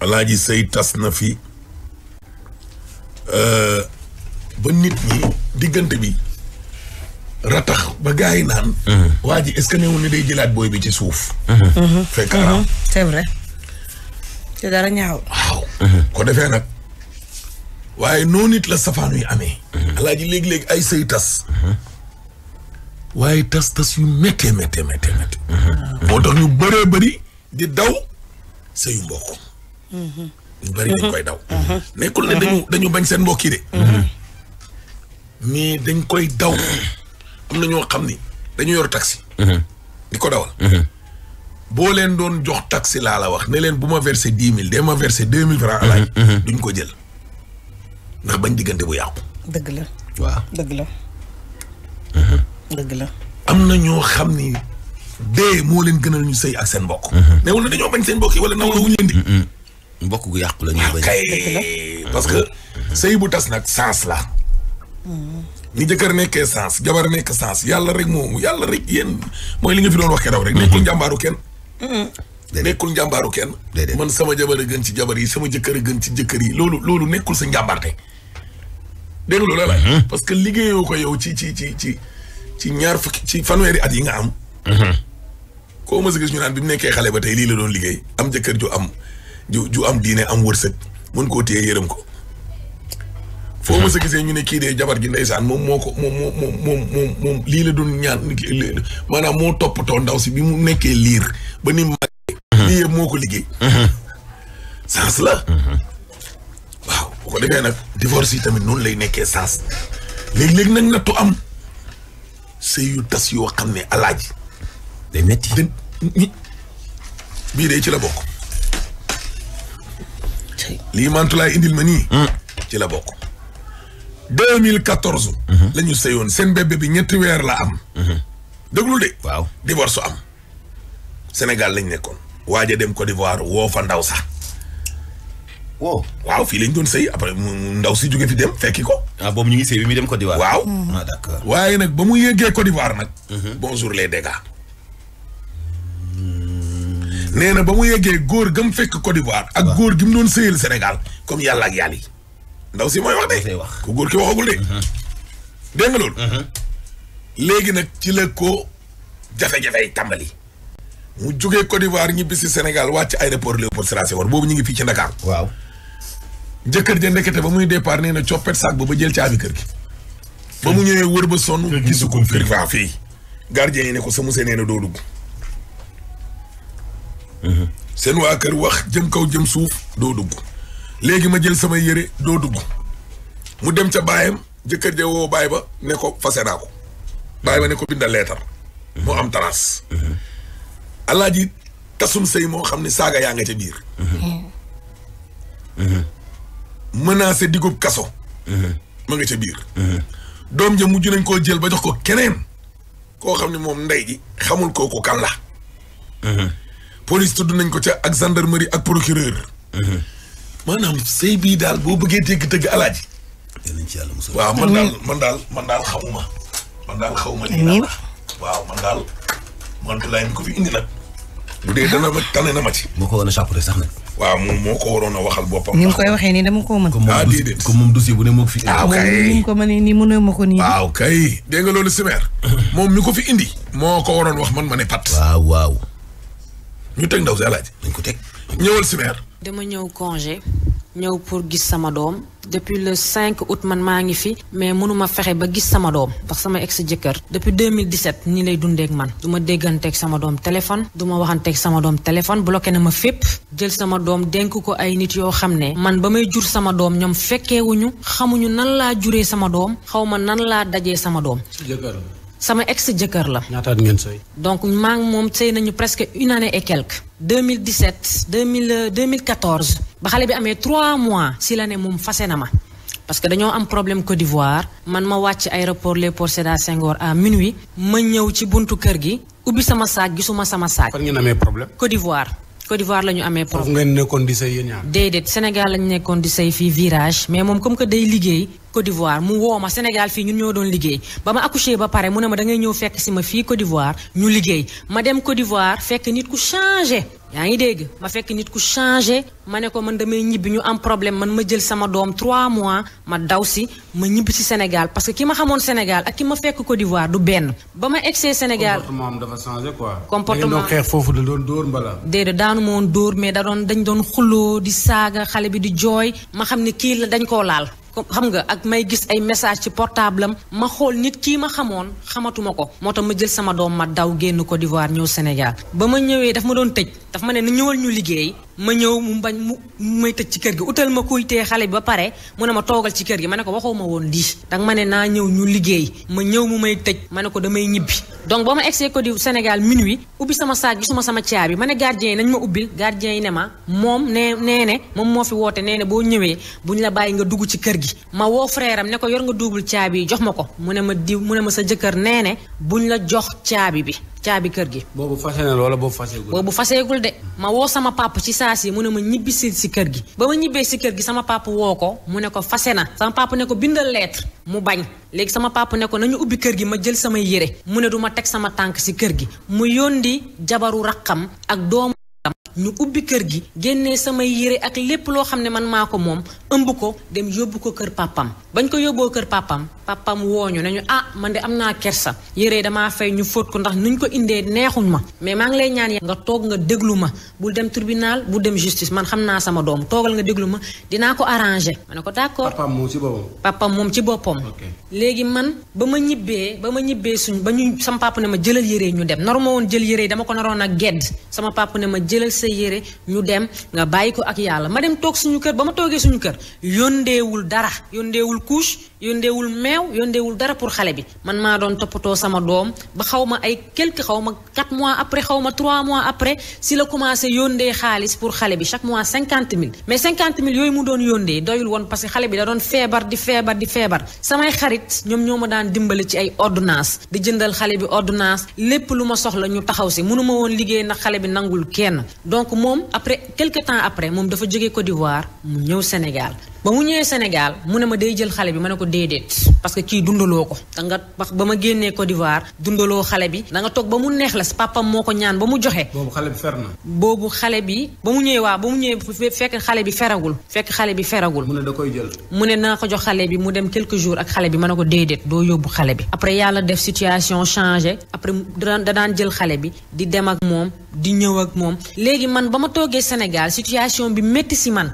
alaaji sëy tas na fi euh, ba nit ñi diggante bi ratax ba gaa yi naan. waa ji est ce que néew ni day jëlaat booy bi ci suuf. fekk na c'est vrai. te dara ñaaw. waaw. ko defee nag waaye noo nit la safaan yu amee. alaaji léeg léeg ay sëy tas. waaye tas tas yu méttee méttee méttee méttee. moo tax ñu bëree bëri di daw sëyu mbokk. ñu bëri dañ koy daw. nekkul ne dañu bañ seen mbokk de. mais dañ koy daw am na ñoo xam ni dañu yor taxi. Mhm. di ko dawal. Mhm. boo leen doon jox taksi laa la wax ne leen bu ma versé dix mille de ma versé deux mille francs alaaj mhm. duñ ko jël ndax bañ diggante bu yàqu. dëgg la. waaw dëgg la. la. am na xam ni dee moo leen gënal ñu sëy ak seen mbokk. mais wala dañoo bañ seen mbokk yi wala naw la wuñ leen mbokk gu yàqu lañu ñuy bañ. Ah, parce que sëy bu tas nag sens la. ni jëkkër nekk sens jabar nekk sens yàlla rek moomu yàlla rek yéen mooy li nga fi doon wax keroog rek nekkul njàmbaaru kenn nekkul njàmbaaru kenn man sama jabar a gën ci jabar yi sama jëkkër a gën ci jëkkër yi loolu loolu nekkul sa njàmbaarte dégg nga mm-hmm. que liggéeyoo ko yow ci ci ci ci ci ñaar fukki ci fanweeri at yi nga am mm-hmm. koo mës a gis ñu naan bi mu nekkee xale ba tey lii la doon liggéey am jëkkër ju am ju ju am diine am wërsëg mën koo téye yërëm ko foo ma sa gisee ñu ne kii dee jabar gi ndeysaan moom moo ko moom moom moom moom lii la doon ñaan maanaam moo toppatoo ndaw si bi mu nekkee liir ba ni màggee mhm. moo ko liggéey mhm. sens la mhm. waaw bu ko defee nag divorce yi tamit noonu lay nekkee sens léeg-léeg nag nattu am sëy tas yoo xam ne alaaj day metti bii de ci la bokk lii mantulaay indil ma nii mm. ci la bokk 2014. Mhm. la ñu sëyoon seen bébé bi ñetti weer la am. Mhm. déglu de. waaw divorce am. Sénégal lañ nekkoon. waaja dem Côte d'Ivoire woo fa ndaw sax. wow waaw fii lañ doon sëy après ndaw si jóge fi dem fekki ko. Ah, boobu ñu ngi sëy bi muy dem Côte d'Ivoire. waaw ah waaye nag ba mu yéegee Côte d'Ivoire nag. Mhm. bonjour les dégâts. Hmm. nee na ba mu yéegee góor gam fekk Côte d'Ivoire. ak góor gi mu doon sëyal Sénégal comme yàlla ak yàlla yi. ndaw si mooy wax de. wax ku góor ki waxagul de. Mhm. dégg nga loolu. Mhm. léegi nag ci la ko jafe-jafe yi tàmbali. mu jógee Côte d'Ivoire ñibbi si Sénégal wàcc aéroport Léopold Sédar Senghor boobu ñu ngi fii ci Ndakaaru. waaw jëkkër ja ndekete ba muy départ nee na coppet saak ba ba jël caabi kër gi. ba mu ñëwee wër ba sonn. gisu ko kër gi fii. gardien yi ne ko sa musée nee na doo dugg. Mhm. seen waa kër wax jëm kaw jëm suuf doo dugg. léegi ma jël sama yére doo dugg mu dem ca baayam jëkkër ja woo baay ba ne ko fase naa ko baay ba ne ko bindal leetar mu am trace alaaji tasum sëy moo xam ne saaga yaa nga ca biir mën menacé digub kaso ma nga ca biir doom ja mujj nañ koo jël ba jox ko keneen koo xam ne moom ndey ji xamul kooku kan la police tudd nañ ko ca ak gendarmerie ak procureur maanaam sëy bii daal boo bëggee dégg dëgg alaaji. dinañ ci yàlla musal. waaw man daal man daal man daal xamuma. man daal xawuma lii naan waaw man daal. man de laay mi ko fi indi nag. bu dee dana ma tane na ma ci. moo ko waroon a chapeau sax nag. waaw moom moo ko waroon a waxal boppam. ni mu koy waxee nii dama koo mën. ah déedéet comme moom dossier bu ne moo ko fi indi. waaw ah, kay moom ni mu ko mënee nii mënoo ma ko nii. waaw kay dégg nga loolu Simère. moom mi ko fi indi. moo ko waroon wax man ma ne pat. waaw waaw. ñu teg ndaw si alaaji. dañ ko teg ñëwal Simère. dama ñëw congé ñëw pour gis sama doom depuis le 5 août man maa ngi fi mais mënuma fexe ba gis sama doom ndax sama ex jëkkër depuis 2017 nii lay dundeek man du ma dégganteeg sama doom téléphone du ma waxanteeg sama doom téléphone bloqué na ma fépp jël sama doom dénk ko ay nit yoo xam ne man ba may jur sama doom ñoom fekkeewuñu xamuñu nan laa juree sama doom xaw ma nan laa dajee sama doom sama ex jëkkër la. ñaata at ngeen sëy. donc maa ngi moom sëy nañu presque une année et quelque. 2017 2000 2014. ba xale bi amee 3 mois. si la ne moom fase na ma. parce que dañoo am problème Côte d'Ivoire man ma wàcc aéroport Léopold Sédar Senghor à minuit ma ñëw ci buntu kër gi ubbi sama saag gisuma sama saag. fan ngeen amee problème. Côte d'Ivoire Côte d'Ivoire la ñu amee problème. foofu ngeen di sëy yéen Sénégal lañu nekkoon di sëy fii virage mais moom comme que day liggéey. Côte d'Ivoire mu woo ma Sénégal fii ñun ñoo doon liggéey ba ma accouché ba pare mu ne ma da ngay ñëw fekk si ma fii Côte d'Ivoire ñu liggéey ma dem Côte d'Ivoire fekk nit ku changé yaa ngi dégg ma fekk nit ku changé ma ne ko man damay ñibbi ñu am problème man ma jël sama doom 3 mois ma daw si ma ñibbi si Sénégal parce que ki ma xamoon Sénégal ak ki ma fekk Côte d'Ivoire du benn ba ma egsee Sénégal comportement am dafa changé quoi. comportement xeex foofu da doon dóor mbala. déedéet daanu ma woon dóor mais da doon dañ doon xuloo di saaga xale bi di jooy ma xam ne kii la dañ koo laal. xam nga ak may gis ay message ci portable am ma xool nit kii ma xamoon xamatuma ko moo tax ma jël sama doom ma daw génn Côte d'Ivoire ñëw Sénégal ba ma ñëwee daf ma doon tëj daf ma ne na ñëwal ñu liggéey ma ñëw mu mbañ mu may tëj ci kër gi utal ma kuy tee xale bi ba pare mu ne ma toogal ci kër gi ma ne ko waxoo ma woon lii danga ma ne naa ñëw ñu liggéey ma ñëw mu may tëj ma ne ko damay ñibbi donc ba ma egsee ko di Sénégal minuit ubbi sama saag gisuma sama caabi bi ma ne gardien nañ ma ubbil gardien yi ne ma moom nee nee ne moom moo fi woote nee ne boo ñëwee bu la bàyyi nga dugg ci kër gi ma woo frère am ne ko yor nga duubul caabi yi jox ma ko mu ne ma diw mu ne ma sa jëkkër nee bu ñu la jox caabi bi caabi kër gi. boobu fase na wala boobu faseegul. boobu de ma woo sama papa ci saa si mu ne ma ñibbi si si kër gi. ba ma ñibbee si kër gi sama papa woo ko mu ne ko fase na sama papa ne ko bindal lettre mu bañ léegi sama papa ne ko nañu ubbi kër gi ma jël samay yére mu ne du ma teg sama tànk si kër gi mu yóndi jabaru raqam ak doomu. ñu ubbi kër gi génnee samay yére ak lépp loo xam ne man maa ko moom ëmb ko dem yóbbu ko kër papam bañ ko yóbboo kër papam papam wooñu nañu ah man de am naa kersa yére damaa fay ñu fóot ko ndax nuñ ko indee neexuñ ma mais maa ngi lay ñaan nga toog nga déglu ma bul dem tribunal dem justice man xam naa sama doom toogal nga déglu ma dinaa ko arrangé ma ne ko d'accord papam moom ci boppam papam moom ci boppam léegi man ba ma ñibbee ba ma ñibbee suñu ba ñu sama papa ne ma jëlal yére ñu dem naru woon jël yére dama ko naroon ak gedd sama papa ne ma jëlal sa yére ñu dem nga bàyyi ko ak yàlla ma dem toog suñu kër ba ma toogee suñu kër yóndeewul dara yóndeewul couche yóndeewul meew yóndeewul dara pour xale bi man maa doon toppatoo sama doom ba xaw ma ay quelque xaw ma 4 mois après xaw ma 3 mois après si la commencé yóndee xaalis pour xale bi chaque mois 50 000 mais 50 000 yooyu mu doon yóndee doyul woon parce que xale bi da doon feebar di feebar di feebar samay xarit ñoom ñoo ma daan dimbali ci ay ordonnance di jëndal xale bi ordinance lépp lu ma soxla ñu taxaw si mënuma woon liggéey na xale bi nangul kenn donc moom après quelque temps après moom dafa jógee Côte d'Ivoire mu ñëw Sénégal ba mu ñëwee Sénégal mu ne ma day jël xale bi ma ne ko déedéet parce que kii dundaloo ko da nga wax ba ma génnee Côte d'Ivoire dundaloo xale bi da nga toog ba mu neex la papam moo ko ñaan ba mu joxe. boobu xale bi fer na. boobu xale ba mu ñëwee waa ba mu ñëwee fekk xale bi feragul fekk xale bi feragul. mu ne da koy jël. mu ne naa ko jox xale bi mu dem quelques jour ak xale bi ma ne ko déedéet doo yóbbu xale bi. après yàlla def situation changé après da daan jël xale bi di dem ak moom di ñëw ak moom léegi man ba ma toogee Sénégal situation bi métti si man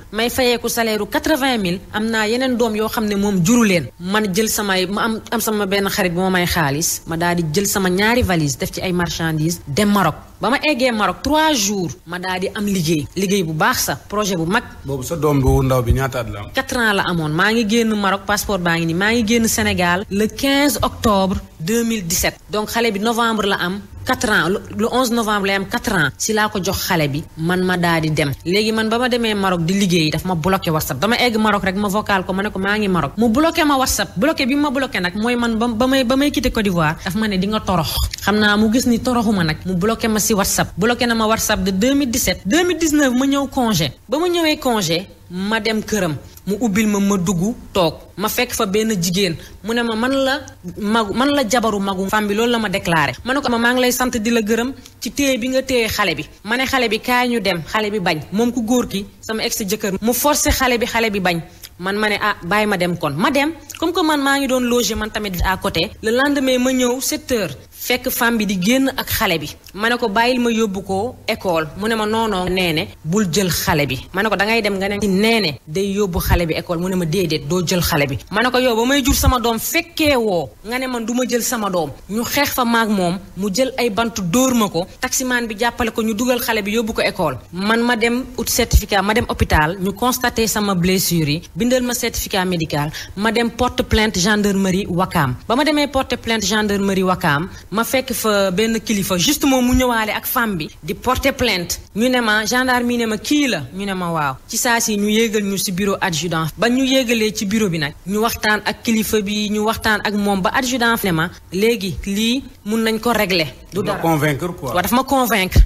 mille am naa yeneen doom yoo xam ne moom juru leen man jël samay ma am am sama benn xarit bu ma may xaalis ma daal di jël sama ñaari valise def ci ay marchandises dem Maroc ba ma eggee Maroc trois jours ma daal di am liggéey liggéey bu baax sa projet bu mag. boobu sa doom bu ndaw bi ñaata at la am. quatre la amoon maa ngi génn Maroc passeport baa ngi nii maa ngi génn Sénégal le 15 octobre 2017 donc xale bi novembre la am. quatre ans le onze novembre lay am quatre ans si laa ko jox xale bi man ma daa di dem léegi man ba ma demee Maroc di liggéey daf ma bloqué whatsapp dama egg Maroc rek ma vocal ko ma ne ko maa ngi Maroc mu bloqué ma whatsapp bloqué bi ma bloqué nag mooy man ba ba may ba may quitté Côte d'Ivoire daf ma ne di torox xam naa mu gis ni toroxuma nag mu bloqué ma si whatsapp bloqué na ma whatsapp de 2017 2019 ma ñëw congé ba ma ñëwee congé ma dem këram mu ubbil ma ma dugg toog ma fekk fa benn jigéen mu ne ma man la magu man la jabaru magu femme bi loolu la ma déclaré ma ne ko ma maa ngi lay sant di la gërëm ci téye bi nga téye xale bi ma ne xale bi kaay ñu dem xale bi bañ moom ku góor ki sama ex jëkkër mu forcé xale bi xale bi bañ man ma ne ah bàyyi ma dem kon ma dem que man maa ngi doon loger man tamit à côté le lendemain ma ñëw secteur heures fekk femme bi di génn ak xale bi ma ne ko bàyyil ma yóbbu ko école mu ne ma noonoo neene bul jël xale bi ma ne ko dangay dem nga ne ci neene day yóbbu xale bi école mu ne ma déedéet doo jël xale bi ma ne ko yow ba may jur sama doom fekkee woo nga ne man du ma jël sama doom ñu xeex fa maag moom mu jël ay bant dóor ma ko taximaan bi jàppale ko ñu dugal xale bi yóbbu ko école man ma dem ut certificat ma dem hôpital ñu constaté sama blessure yi bindal ma certificat médical ma dem porte plainte gendarmerie Wakaam ba ma demee porte plainte gendarmerie Wakaam ma fekk fa benn kilifa juste moom mu ñëwaale ak femme bi di porter plainte ñu ne ma gendarme yi ne ma kii la ñu ne ma waaw ci saa si ñu yéegal ñu ci bureau adjudance ba ñu yéegalee ci bureau bi nag ñu waxtaan ak kilifa bi ñu waxtaan ak moom ba adjudant ne ma léegi lii mun nañ ko régler du dara convaincre quoi waaw daf ma convaincre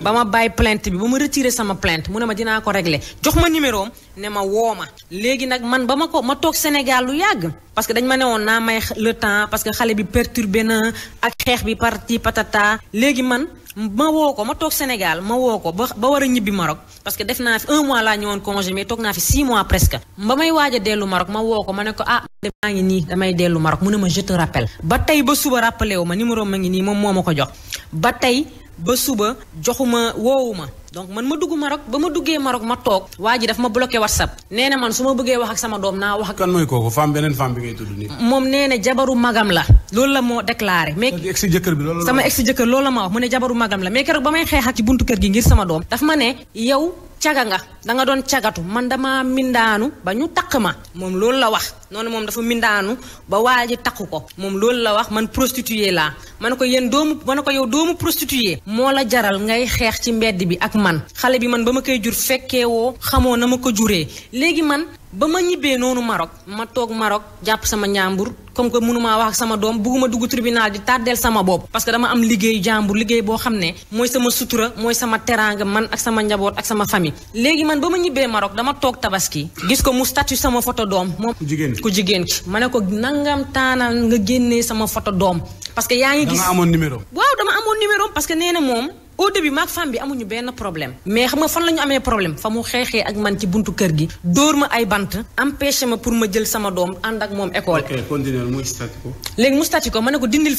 ba ma bàyyi plainte bi ba ma retiré sama plainte mu ne ma dinaa ko régler jox ma numéro am ne ma woo ma léegi nag man ba ma ko ma toog Sénégal lu yàgg parce que dañ ma ne woon naa may le temps parce que xale bi perturbé na ak xeex bi parti patata léegi man ma woo ko ma toog Sénégal ma woo ko ba ba war a ñibbi Maroc parce que def naa fi un mois laa ñëwoon congé mais toog naa fi six mois presque ba may waaja a dellu Maroc ma woo ko ma ne ko ah maa ngi nii damay dellu Maroc mu ne ma je te rappelle ba tey ba suba rappelé wu ma numéro ma ngi nii moom moo ko jox ba tey ba suba joxuma woowu ma donc man ma dugg Maroc ba ma duggee Maroc ma toog waa ji daf ma bloqué WhatsApp nee na man su ma bëggee wax ak sama doom naa wax ak kan mooy kooku femme beneen femme bi moom nee na jabaru magam la loolu la moo déclaré mais ex jëkkër bi loolu sama ex jëkkër loolu la ma wax mu ne jabaru magam la mais keroog ba may xeex ak ci buntu kër gi ngir sama doom daf ma ne yow caga nga danga doon cagatu man dama mbindaanu ba ñu taq ma moom loolu la wax noonu moom dafa mbindaanu ba waa ji takk ko moom loolu la wax man prostituée laa ma ne ko yéen doomu ma ne ko yow doomu prostituée moo la jaral ngay xeex ci mbedd bi ak man xale bi man ba ma koy jur fekkee woo xamoon na ma ko juree léegi man ba ma ñibbee noonu Maroc ma toog Maroc jàpp sama njàmbur comme que mënumaa wax ak sama doom bugguma dugg tribunal di tàddeel sama bopp parce que dama am liggéeyu jàmbur liggéey boo xam ne mooy sama sutura mooy sama teraanga man ak sama njaboot ak sama famille léegi man ba ma ñibbee Maroc dama toog tabaski gis ko mu statut sama photo doom moom ku jigéen ki ma ne ko nangam taanal nga génnee sama foto doom parce que yaa ngi gis amoon numéro waaw dama amoon numéro parce que au début maag femme bi amuñu benn problème mais xam nga fan la ñu amee problème fa mu xeexee ak man ci buntu kër gi dóor ma ay bant empêché ma pour ma jël sama doom ànd ak moom école ok continué ko léegi mu statu ko ma bi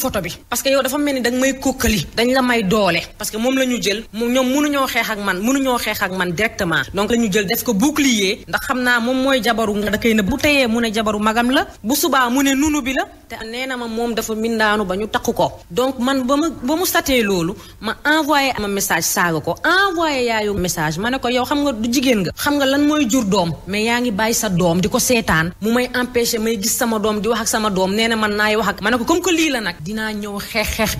parce que yow dafa mel ni danga may la may doole parce que moom la ñu jël moom ñoom mënuñoo xeex ak man mënuñoo xeex ak man directement donc la ñu jël def ko bouclier ndax xam naa moom mooy jabaru da koy nëbb bu teyee mu ne jabaru magam la bu subaa mu ne nunu bi la te nee na ma moom dafa mindaanu ba ñu takku ko donc man ba ma ba mu statee loolu envoyé ma message saaga ko envoyé yaayu message ma ne ko yow xam nga du jigéen nga xam nga lan mooy jur doom mais yaa ngi bàyyi sa doom di ko seetaan mu may empêché may gis sama doom di wax ak na man ma ne ko comme que lii la nag dinaa ñëw xeex xeex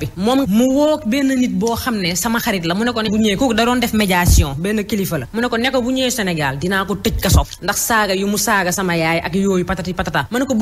boo xam ne sama xarit la mu ne ko ne bu ñëwee kooku da doon def médiation benn kilifa la mu ne ko ne ko bu ñëwee Sénégal dinaa ko tëj kaso ndax saaga yu mu saaga sama yaay ak yooyu patati patata ma ne ko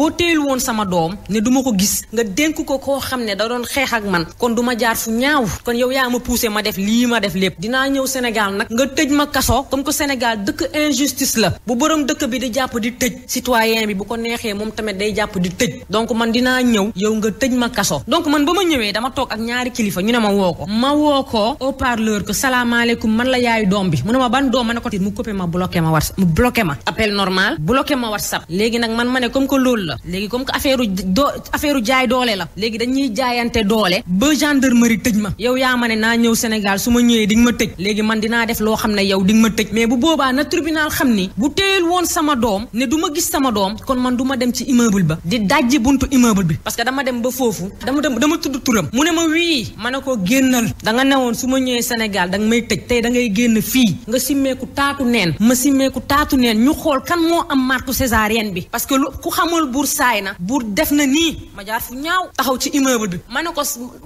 doom ne du ko gis nga dénk ko koo xam ne da doon xeex kon du ma jaar fu ñaaw kon yow yaa ma poussé ma def def lii ma def lépp dinaa ñëw Sénégal nag nga tëj ma kaso comme que Sénégal dëkk injustice la bu borom dëkk bi di jàpp di tëj citoyen bi bu ko neexee moom tamit day jàpp di tëj donc man dinaa ñëw yow nga tëj ma kaso donc man ba ma ñëwee dama toog ak ñaari kilifa ñu ne ma woo ko ma woo ko au parleur que salaamaaleykum man la yaayu doom bi mu ne ma ban doom ma ne ko mu coupé ma bloqué ma whatsapp mu bloqué ma appel normal bloqué ma whatsapp léegi nag man ma ne comme que loolu la léegi comme que affaire do affaire doole la léegi dañuy jaayante doole ba gendarmerie tëj ma yow yaa ma ne naa ñëw daal su ma ñëwee di nga ma tëj léegi man dinaa def loo xam ne yow di nga ma tëj mais bu boobaa na tribunal xam ni bu téyel woon sama doom ne du ma gis sama doom kon man duma dem ci immeuble ba di dajji buntu immeuble bi parce que dama dem ba foofu dama dem dama tudd turam mu ne ma wii ma ne ko génnal da newoon su ma ñëwee Sénégal da may tëj tey da ngay génn fii nga simmeeku taatu neen ma simmeeku taatu neen ñu xool kan moo am martu césarienne bi parce que lu ku xamul buur saay na buur def na nii ma jaar fu ñaaw taxaw ci immeuble bi ma ne ko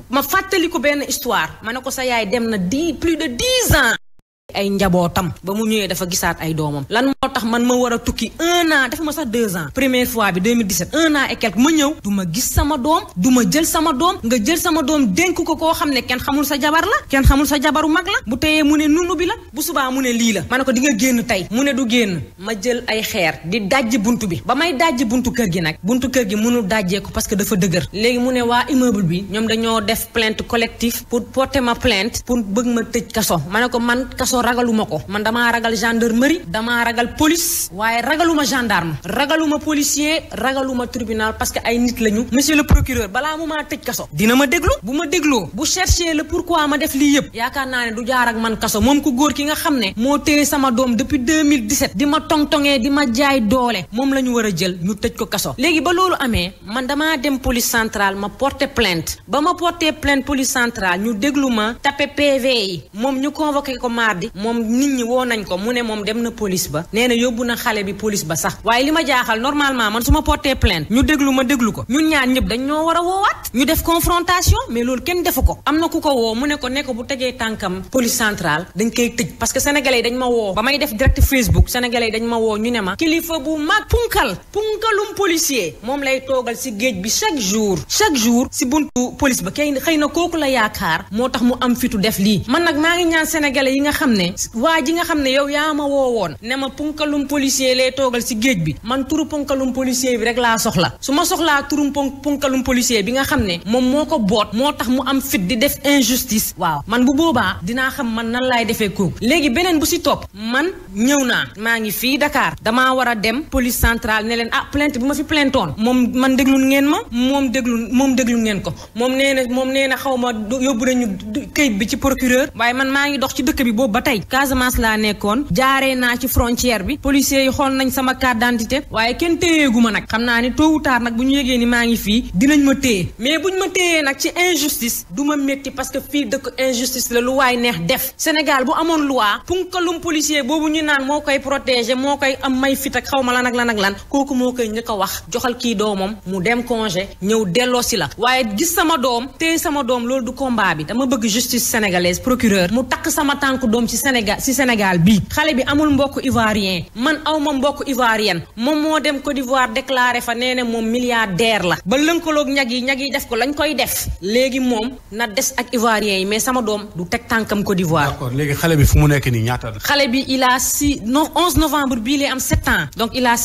ma fàttali ko benn histoire ma ne ko sa yaay dem na dix plus de dix ans ay njabootam ba mu ñëwee dafa gisaat ay doomam lan moo tax man ma war a tukki un an def ma sax deux ans première fois bi 2017 un an et quelque ma ñëw du gis sama doom du ma jël sama doom nga jël sama doom dénk ko koo xam ne kenn xamul sa jabar la kenn xamul sa jabaru mag la bu teyee mu ne nunu bi la bu subaa mu ne lii la ma ne ko di génn tey mu ne du génn ma jël ay xeer di dajji bunt bi ba may dajji buntu kër gi nag buntu kër gi mënul dajjee ko parce que dafa dëgër léegi mu ne waa immeuble bi ñoom dañoo def plainte collectif pour porter ma plainte pour bëgg ma tëj kaso kaso ragaluma ko man damaa ragal gendarmerie damaa ragal police waaye ragaluma gendarme ragaluma policier ragaluma tribunal parce que ay nit lañu monsieur le procureur balaa mu maa tëj kaso dina ma déglu bu ma dégloo bu chercher le pourquoi ma def lii yëpp yaakaar naa ne du jaar ak man kaso moom ku góor ki nga xam ne moo téye sama doom depuis 2017 di ma tongtongee di ma jaay doole moom la ñu war a jël ñu tëj ko kaso léegi ba loolu amee man damaa dem police centrale ma porté ma porté plainte police centrale ñu déglu ma tapé PV yi ñu convoqué ko mardi bi moom nit ñi woo nañ ko mu ne moom dem na police ba nee na yóbbu na xale bi police ba sax waaye li ma jaaxal normalement man su ma portee plainte ñu déglu ma déglu ko ñu ñaan ñëpp dañ ñoo war a woowaat ñu def confrontation mais loolu kenn defu ko am na ku ko woo mu ne ko ne ko bu tegee tànkam police centrale dañ koy tëj parce que sénégalais dañ ma woo ba may def direct Facebook sénégalais dañ ma woo ñu ne ma kilifa bu mag punkal punkalum policier moom lay toogal si géej bi chaque jour chaque jour si buntu police ba kay xëy na kooku la yaakaar moo tax mu am def lii ne waa ji nga xam ne yow yaa ma woowoon ne ma punkalum policier lay toogal si géej bi man turu punkalum policier bi rek laa soxla su ma soxlaa turu punkalum policier bi nga xam ne moom moo ko boot moo tax mu am fit di def injustice waaw man bu boobaa dinaa xam man nan laay defee kooku léegi beneen bu si topp man ñëw naa maa ngi fii dakaar damaa war a dem police centrale ne leen ah plainte bu ma fi plaintoon moom man déglu ngeen ma moom déglu moom déglu ngeen ko moom nee moom nee na xaw ma yóbbu nañu këyit bi ci procureur waaye man maa ngi dox ci dëkk tey Casamance laa nekkoon jaaree naa ci frontière bi policiers yi xool nañ sama carte d'identité waaye kenn téyeegu ma nag xam naa ni tôt ou tard nag bu ñu yégee ni maa ngi fii dinañ ma téye mais buñ ma téyee nag ci injustice du ma métti parce que fii dëkk injustice la lu waay neex def Sénégal bu amoon loi punkalum policier boobu ñu naan moo koy protéger moo koy am may fit ak xaw ma lan ak lan ak lan kooku moo koy njëkk a wax joxal kii doomam mu dem congé ñëw delloo si la waaye gis sama doom téye sama doom loolu du combat bi dama bëgg justice sénégalaise Sénégal si Sénégal bi xale bi amul mbokk ivoirien man aw ma mbokk ivoirienne moom moo dem Côte d'Ivoire déclaré fa nee ne moom milliardaire la ba lënkaloog ñag yi ñag yi def ko lañ koy def léegi moom na des ak ivoirien yi mais sama doom du teg tànkam Côte d'Ivoire. d'accord léegi xale bi fu mu nekk nii ñaata la. xale bi il a six novembre bii lay am set ans donc il a an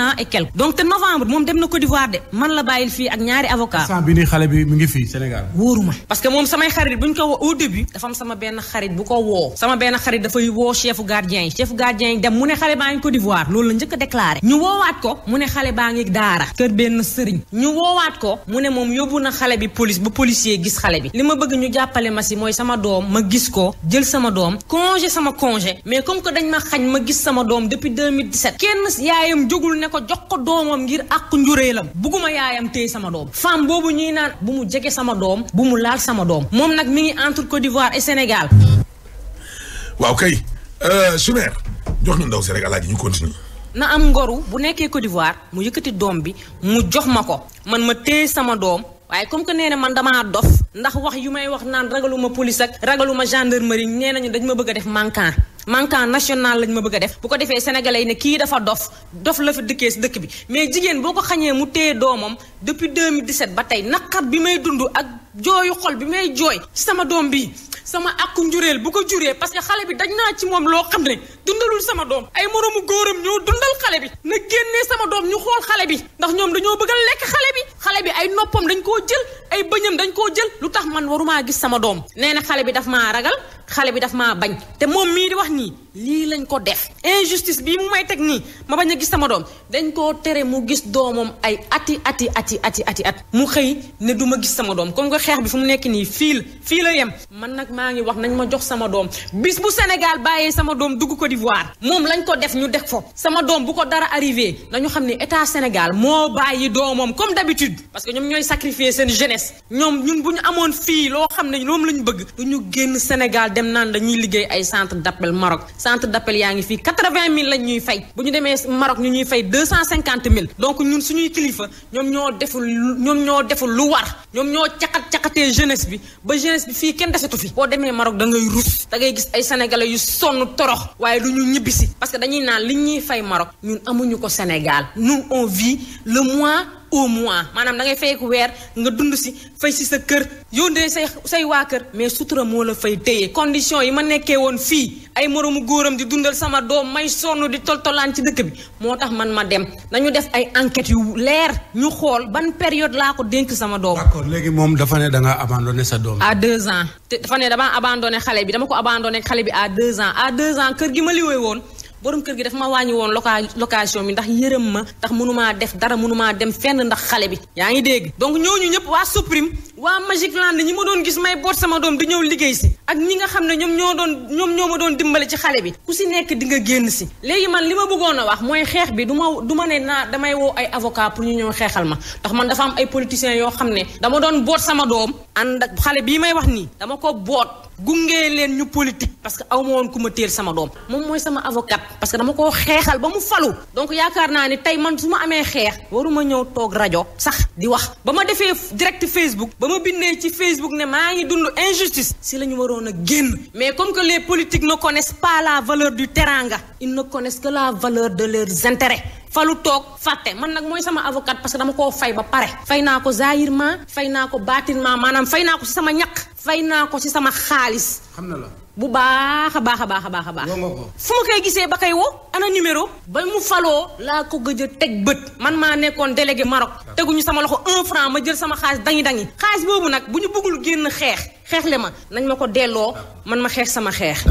ans et quelques donc te novembre moom dem na Côte d'Ivoire de man la bàyyil fii ak ñaari avocat sant bi ni bi mi ngi fii Sénégal. wóoruma parce que moom samay xarit bu ñu ko woo au début sama benn xarit bu ko woo xari dafay woo chefu gardien yi chefu gardien yi dem mu ne xale baa ngi Côte d'Ivoire loolu la njëkk a ñu woowaat ko mu ne xale baa ngi daara kër benn sëriñ ñu woowaat ko mu ne moom yóbbu na xale bi police ba policier gis xale bi li ma bëgg ñu jàppale ma si mooy sama doom ma gis ko jël sama doom congé sama congé mais comme que dañ ma xañ ma gis sama doom depuis 2017 kenn yaayam jógul ne ko jox ko doomam ngir àqu njuréelam bugguma yaayam téye sama doom femme boobu ñuy naan bu mu jege sama doom bu mu laal sama doom moom mi ngi entre Côte et Sénégal waaw kay euh, Chimère jox ñu ndaw si rek alaaji ñu continue na am ngoru bu nekkee Côte d'Ivoire mu yëkkati doom bi mu jox ma ko man ma téye sama doom waaye comme que nee na man damaa dof ndax wax yu may wax naan ragaluma police ak ragaluma gendarmerie nee ñu dañ ma bëgg a def manquant manquant national lañ ma bëgg a def bu ko defee sénégalais yi ne kii dafa dof dof la fi dëkkee si dëkk bi mais jigéen boo ko xañee mu téye doomam depuis 2017 ba tey naqar bi may dund ak jooyu xol bi may jooy sama doom bi sama àqu njureel bu ko juree parce que xale bi dañ naa ci moom loo xam ne dundalul sama doom ay moroomu góoram ñoo dundal xale bi na génnee sama doom ñu xool xale bi ndax ñoom dañoo bëgg a lekk xale bi xale bi ay noppam dañ koo jël ay bëñam dañ koo jël lu tax man warumaa gis sama doom nee na xale bi daf maa ragal xale bi daf maa bañ te moom mii di wax nii lii lañ ko def injustice bii mu may teg nii ma bañ a gis sama doom dañ koo tere mu gis doomam ay ati ati ati ati ati at mu xëy ne duma gis sama doom comme que xeex bi fu mu nekk nii fii la fii la yem man nag maa ngi wax nañ ma jox sama doom bis doom dugg ko d'Ivoire moom lañ ko def ñu def fo sama doom bu ko dara arrivé nañu xam ne état Sénégal moo bàyyi doomam comme d'habitude parce que ñoom ñooy sacrifier seen jeunesse ñoom ñun bu ñu amoon fii loo xam ne ñoom lañ bëgg du ñu génn Sénégal dem naan dañuy liggéey ay centre d'appel Maroc centre d'appel yaa ngi fii quatre-vingt mille lañ ñuy fay bu ñu demee Maroc ñu ñuy fay deux cent cinquante mille donc ñun su suñuy kilifa ñoom ñoo deful ñoom ñoo deful lu war ñoom ñoo caqat caqatee jeunesse bi ba jeunesse fii kenn desetu fi boo demee Maroc da ngay rus da ngay gis ay sénégalais yu sonn lu du ñu ñibbisi parce que dañuy naan li ñuy fay Maroc ñun amuñu ko Sénégal nous on le mois au mois maanaam da ngay fay ko weer nga dund si fay si sa kër dee say say waa kër mais sutura moo la fay téye condition yi ma nekkee woon fii ay moroomu góoram di dundal sama doom may sonn di toltolaan ci dëkk bi moo tax man ma dem nañu def ay enquêtes yu leer ñu xool ban période laa ko dénk sama doom. d'accord léegi moom dafa ne da nga abandonné sa doom. à deux ans te dafa ne dama abandonné xale bi dama ko abandonné xale bi à deux ans à deux kër gi ma liwee woon. borom kër gi dafa ma wàññi woon loca location bi ndax yërëm ma ndax mënumaa def dara mënumaa dem fenn ndax xale bi yaa ngi dégg donc ñooñu ñëpp waa Suprime waa Magic Land ñu ma doon gis may boot sama doom di ñëw liggéey si ak ñi nga xam ne ñoom ñoo doon ñoom ñoo ma doon dimbale ci xale bi ku si nekk di nga génn si léegi man li ma bëggoon a wax mooy xeex bi duma ma du ma ne naa damay woo ay avocat pour ñu ñëw xeexal ma ndax man dafa am ay politiciens yoo xam ne dama doon boot sama doom ànd ak xale bii may wax nii dama ko boot gungee leen ñu politique parce que aw ma woon ku ma téer sama doom moom mooy sama avocat parce que dama koo xeexal ba mu falu donc yaakaar naa ni tey man su ma amee xeex waruma ñëw toog rajo sax di wax ba ma defee direct Facebook ba ma bindee ci Facebook ne maa ngi dund injustice si la ñu waroon a génn mais comme que les politiques ne connaissent pas la valeur du teranga ils ne connaissent que la valeur de leurs intérêts falu toog fàtte man nag mooy sama avocat parce que dama koo fay ba pare fay naa ko zaahirement fay naa ko baatinment maanaam fay naa ko ci sama ñaq fay naa ko ci sama xaalis xam na la bu baax a baax a baax a baax a baax fu ma koy gisee ba koy wo ana numéro ba mu faloo laa ko gëj a teg bët man maa nekkoon délégué Maroc teguñu sama loxo un franc ma jël sama xaalis dangi dangi xaalis boobu nag bu ñu bëggul génn xeex xeexle ma nañ ma ko delloo man ma xeex sama xeex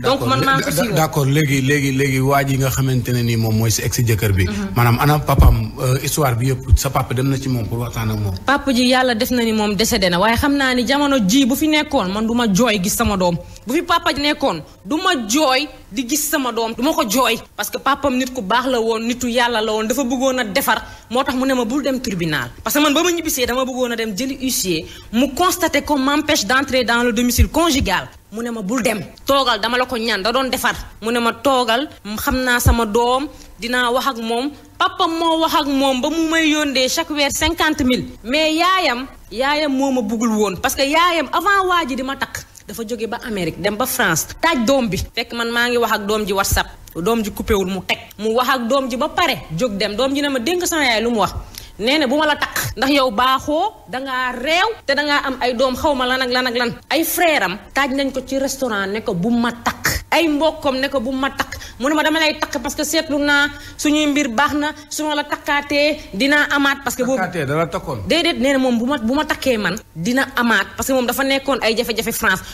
donc man maa ko siiwoo d'accord léegi léegi léegi waa ji nga xamante ne nii moom mooy sa ex jëkkër bi mhm. maanaam ana papam euh, histoire bi yëpp sa papa dem na ci moom pour waxtaan ak moom papa yàlla def na ni moom décédé na waaye xam naa ni jamono ji bu fi nekkoon man du ma jooy gis sama doom bu fi papa nekkoon du ma jooy di gis sama doom duma ko jooy parce que papam nit ku baax la woon nitu yàlla la woon dafa bëggoon a defar moo tax mu ne ma bul dem tribunal parce que man ba ma ñibbisee dama bëggoon a dem jëli huissier mu constaté qu'on m'empêche d'entrer dans le domicile conjugal mu ne ma bul dem toogal dama la ko ñaan da doon defar mu ne ma toogal xam naa sama doom dinaa wax ak moom papam moo wax ak moom ba mu may yóndee chaque weer cinquante mille mais yaayam yaayam moo ma bëggul woon parce que yaayam avant waa ji di ma takk dafa jóge ba Amérique dem ba France taaj doom bi fekk man maa ngi wax ak doom ji WhatsApp doom ji coupé wul mu teg mu wax ak doom ji ba pare jóg dem doom ji ne ma dénk sama yaay lu mu wax nee na bu ma la takk ndax yow baaxoo dangaa réew te dangaa am ay doom xaw ma lan ak lan ak lan ay frère taaj nañ ko ci restaurant ne ko bu ma takk ay mbokkam ne ko bu ma takk mu ne ma dama lay takk parce que seetlu naa suñuy baax na su la takkaatee dinaa amaat. parce que boobu takkaatee dala takkoon. déedéet nee moom bu ma bu ma takkee man dina amaat parce que moom dafa nekkoon ay jafe-jafe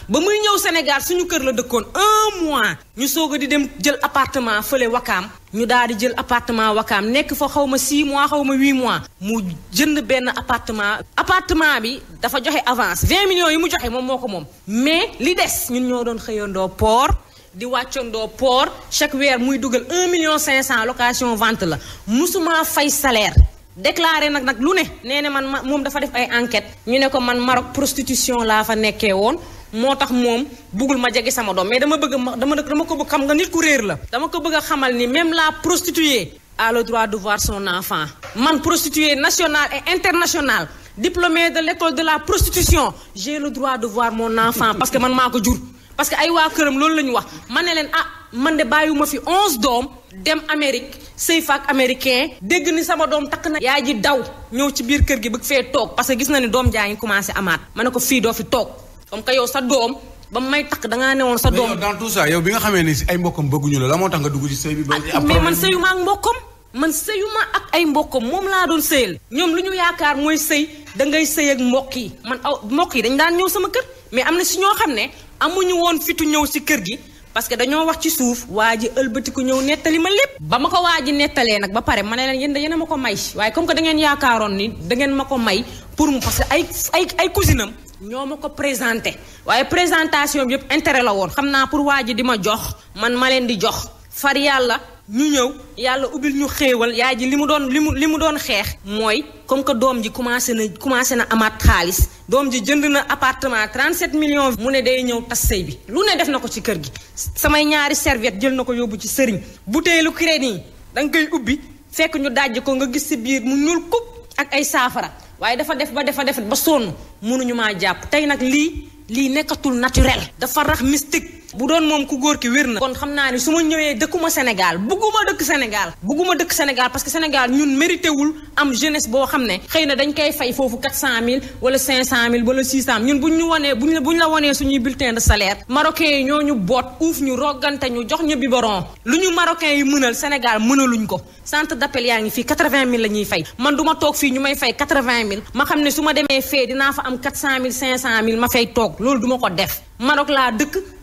ba muy ñëw Sénégal suñu kër la dëkkoon un mois ñu soog a di dem jël appartement fële wakaam ñu daal di jël appartement wakaam nekk fa xaw ma 6 mois xaw ma 8 mois. mu jënd benn appartement. apartement bi dafa joxe avance vingt millions yi mu joxe moom moo ko moom. mais li des ñun ñoo doon xëyandoo poor di wàccandoo port chaque weer muy dugal un million cinq cent location vente la musuma fay salaire. déclaré nag nag lu ne nee na man moom dafa def ay enquête ñu ne ko man Maroc prostitution laa fa nekkee woon. moo tax moom buggul ma jege sama doom mais dama bëgg ma dama dama ko bëgg xam nga nit ku réer la. dama ko bëgg a xamal ni même la prostituée. a le droit de voir son enfant man prostituée nationale et internationale diplômée de l'école de la prostitution j'ai le droit de voir mon enfant parce que man maa ko jur parce que ay waa këram loolu lañu wax man ne leen ah man de bàyyiwuma fi onze doom dem Amérique sëy faak américain dégg ni sama doom takk na yaay ji daw ñëw ci biir kër gi bëgg fee toog parce que gis na ni doom jaa ngi commencé amaat ma ne ko fii doo fi toog comme que yow sa doom ba may takk da ne woon sa doom. dans tout yow bi nga xamee ni si ay mbokkam bëgguñu la la moo tax nga dugg ci sëy bi. ba ci ah, mais man sëyuma ak mbokkam. ak ay mbokkam moom laa doon sëyal. ñoom lu ñu yaakaar mooy sëy da ngay sëy ak mbokk yi man mbokk yi dañ daan ñëw sama kër mais am na si ñoo xam ne amuñu woon fitu ñëw si kër gi parce que dañoo wax ci suuf waa ji ëlbatiku ñëw nettali ma lépp ba ma ko waa ji nettalee nag ba pare ma ne leen yéen da yéen a ko may waaye comme que dangeen yaakaaroon ni da ngeen ma ko may pour mu parce que ay ay ay ñoo ma ko présenté waaye présentation bi yëpp intérêt la woon xam naa pour waa ji di ma jox man ma leen di jox far yàlla ñu ñëw yàlla ubbil ñu xéewal yaay ji li mu doon li mu li mu doon xeex mooy comme que doom ji commencé na commencé na amaat xaalis doom ji jënd na appartement 37 millions mu ne day ñëw tas sëy bi lu ne def na ko ci kër gi samay ñaari serviette jël na ko yóbbu ci sëriñ butéelu crédit da nga koy ubbi fekk ñu dajj ko nga gis si biir mu ñuul kub ak ay saafara waaye dafa def ba defa def ba sonn mënuñu maa jàpp tey nag lii lii nekkatul naturel. dafa rax mystique. bu doon moom ku góor ki wér na kon xam naa ni su ma ñëwee dëkkuma Sénégal bugguma dëkk Sénégal bugguma dëkk Sénégal parce que Sénégal ñun mérité wul am jeunesse boo xam ne xëy na dañ koy fay foofu 400000 wala 500000 wala 600 ñun buñ ñu wanee buñ la buñ la wanee suñuy bulletin de salaire marocain yi ñoo ñu boot uuf ñu roggante ñu jox ñu biberon lu ñu marokin yi mënal Sénégal mënaluñ ko centre d'appel yaa ngi fii 80000 la ñuy fay man du ma toog fii ñu may fay 80000 ma xam ne su ma demee fee dinaa fa am 400000 500000 ma fay toog loolu du ko def Maroc laa dëkk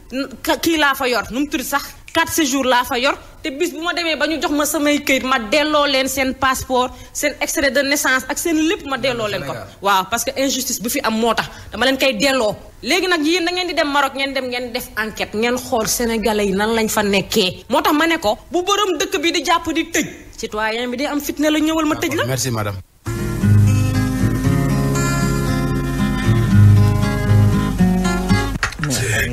kii laa fa yor nu mu tudd sax quatre séjours laa fa yor te bis bu ma demee ba ñu jox ma samay këyit ma delloo leen seen passeport seen extrait de naissance ak seen lépp ma delloo leen ko waaw parce que injustice bu fi am moo tax dama leen koy delloo léegi nag yéen da ngeen di dem Maroc ngeen dem ngeen def enquête ngeen xool sénégalais yi nan lañ fa nekkee moo tax ma ne ko bu borom dëkk bi di jàpp di tëj citoyen bi day am fitne la ñëwal ma tëj la merci madame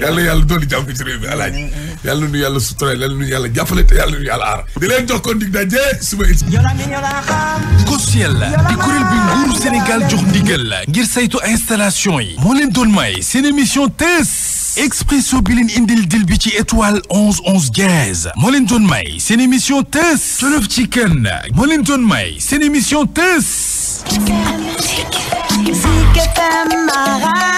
yàlla yàlla doon jàmm ci réew mi alaaji yàlla nu yàlla sutura yàlla nu yàlla jàppale te yàlla nu yàlla aar di leen jox kon dig daje suba it Cociel di kuréel bi nguuru Sénégal jox ndigal la ngir saytu installation yi moo leen doon may seen émission tës Expresso bi leen indil dil bi ci étoile onze onze jazz moo leen doon may seen émission tës Jolof Chicken moo leen doon may seen émission tës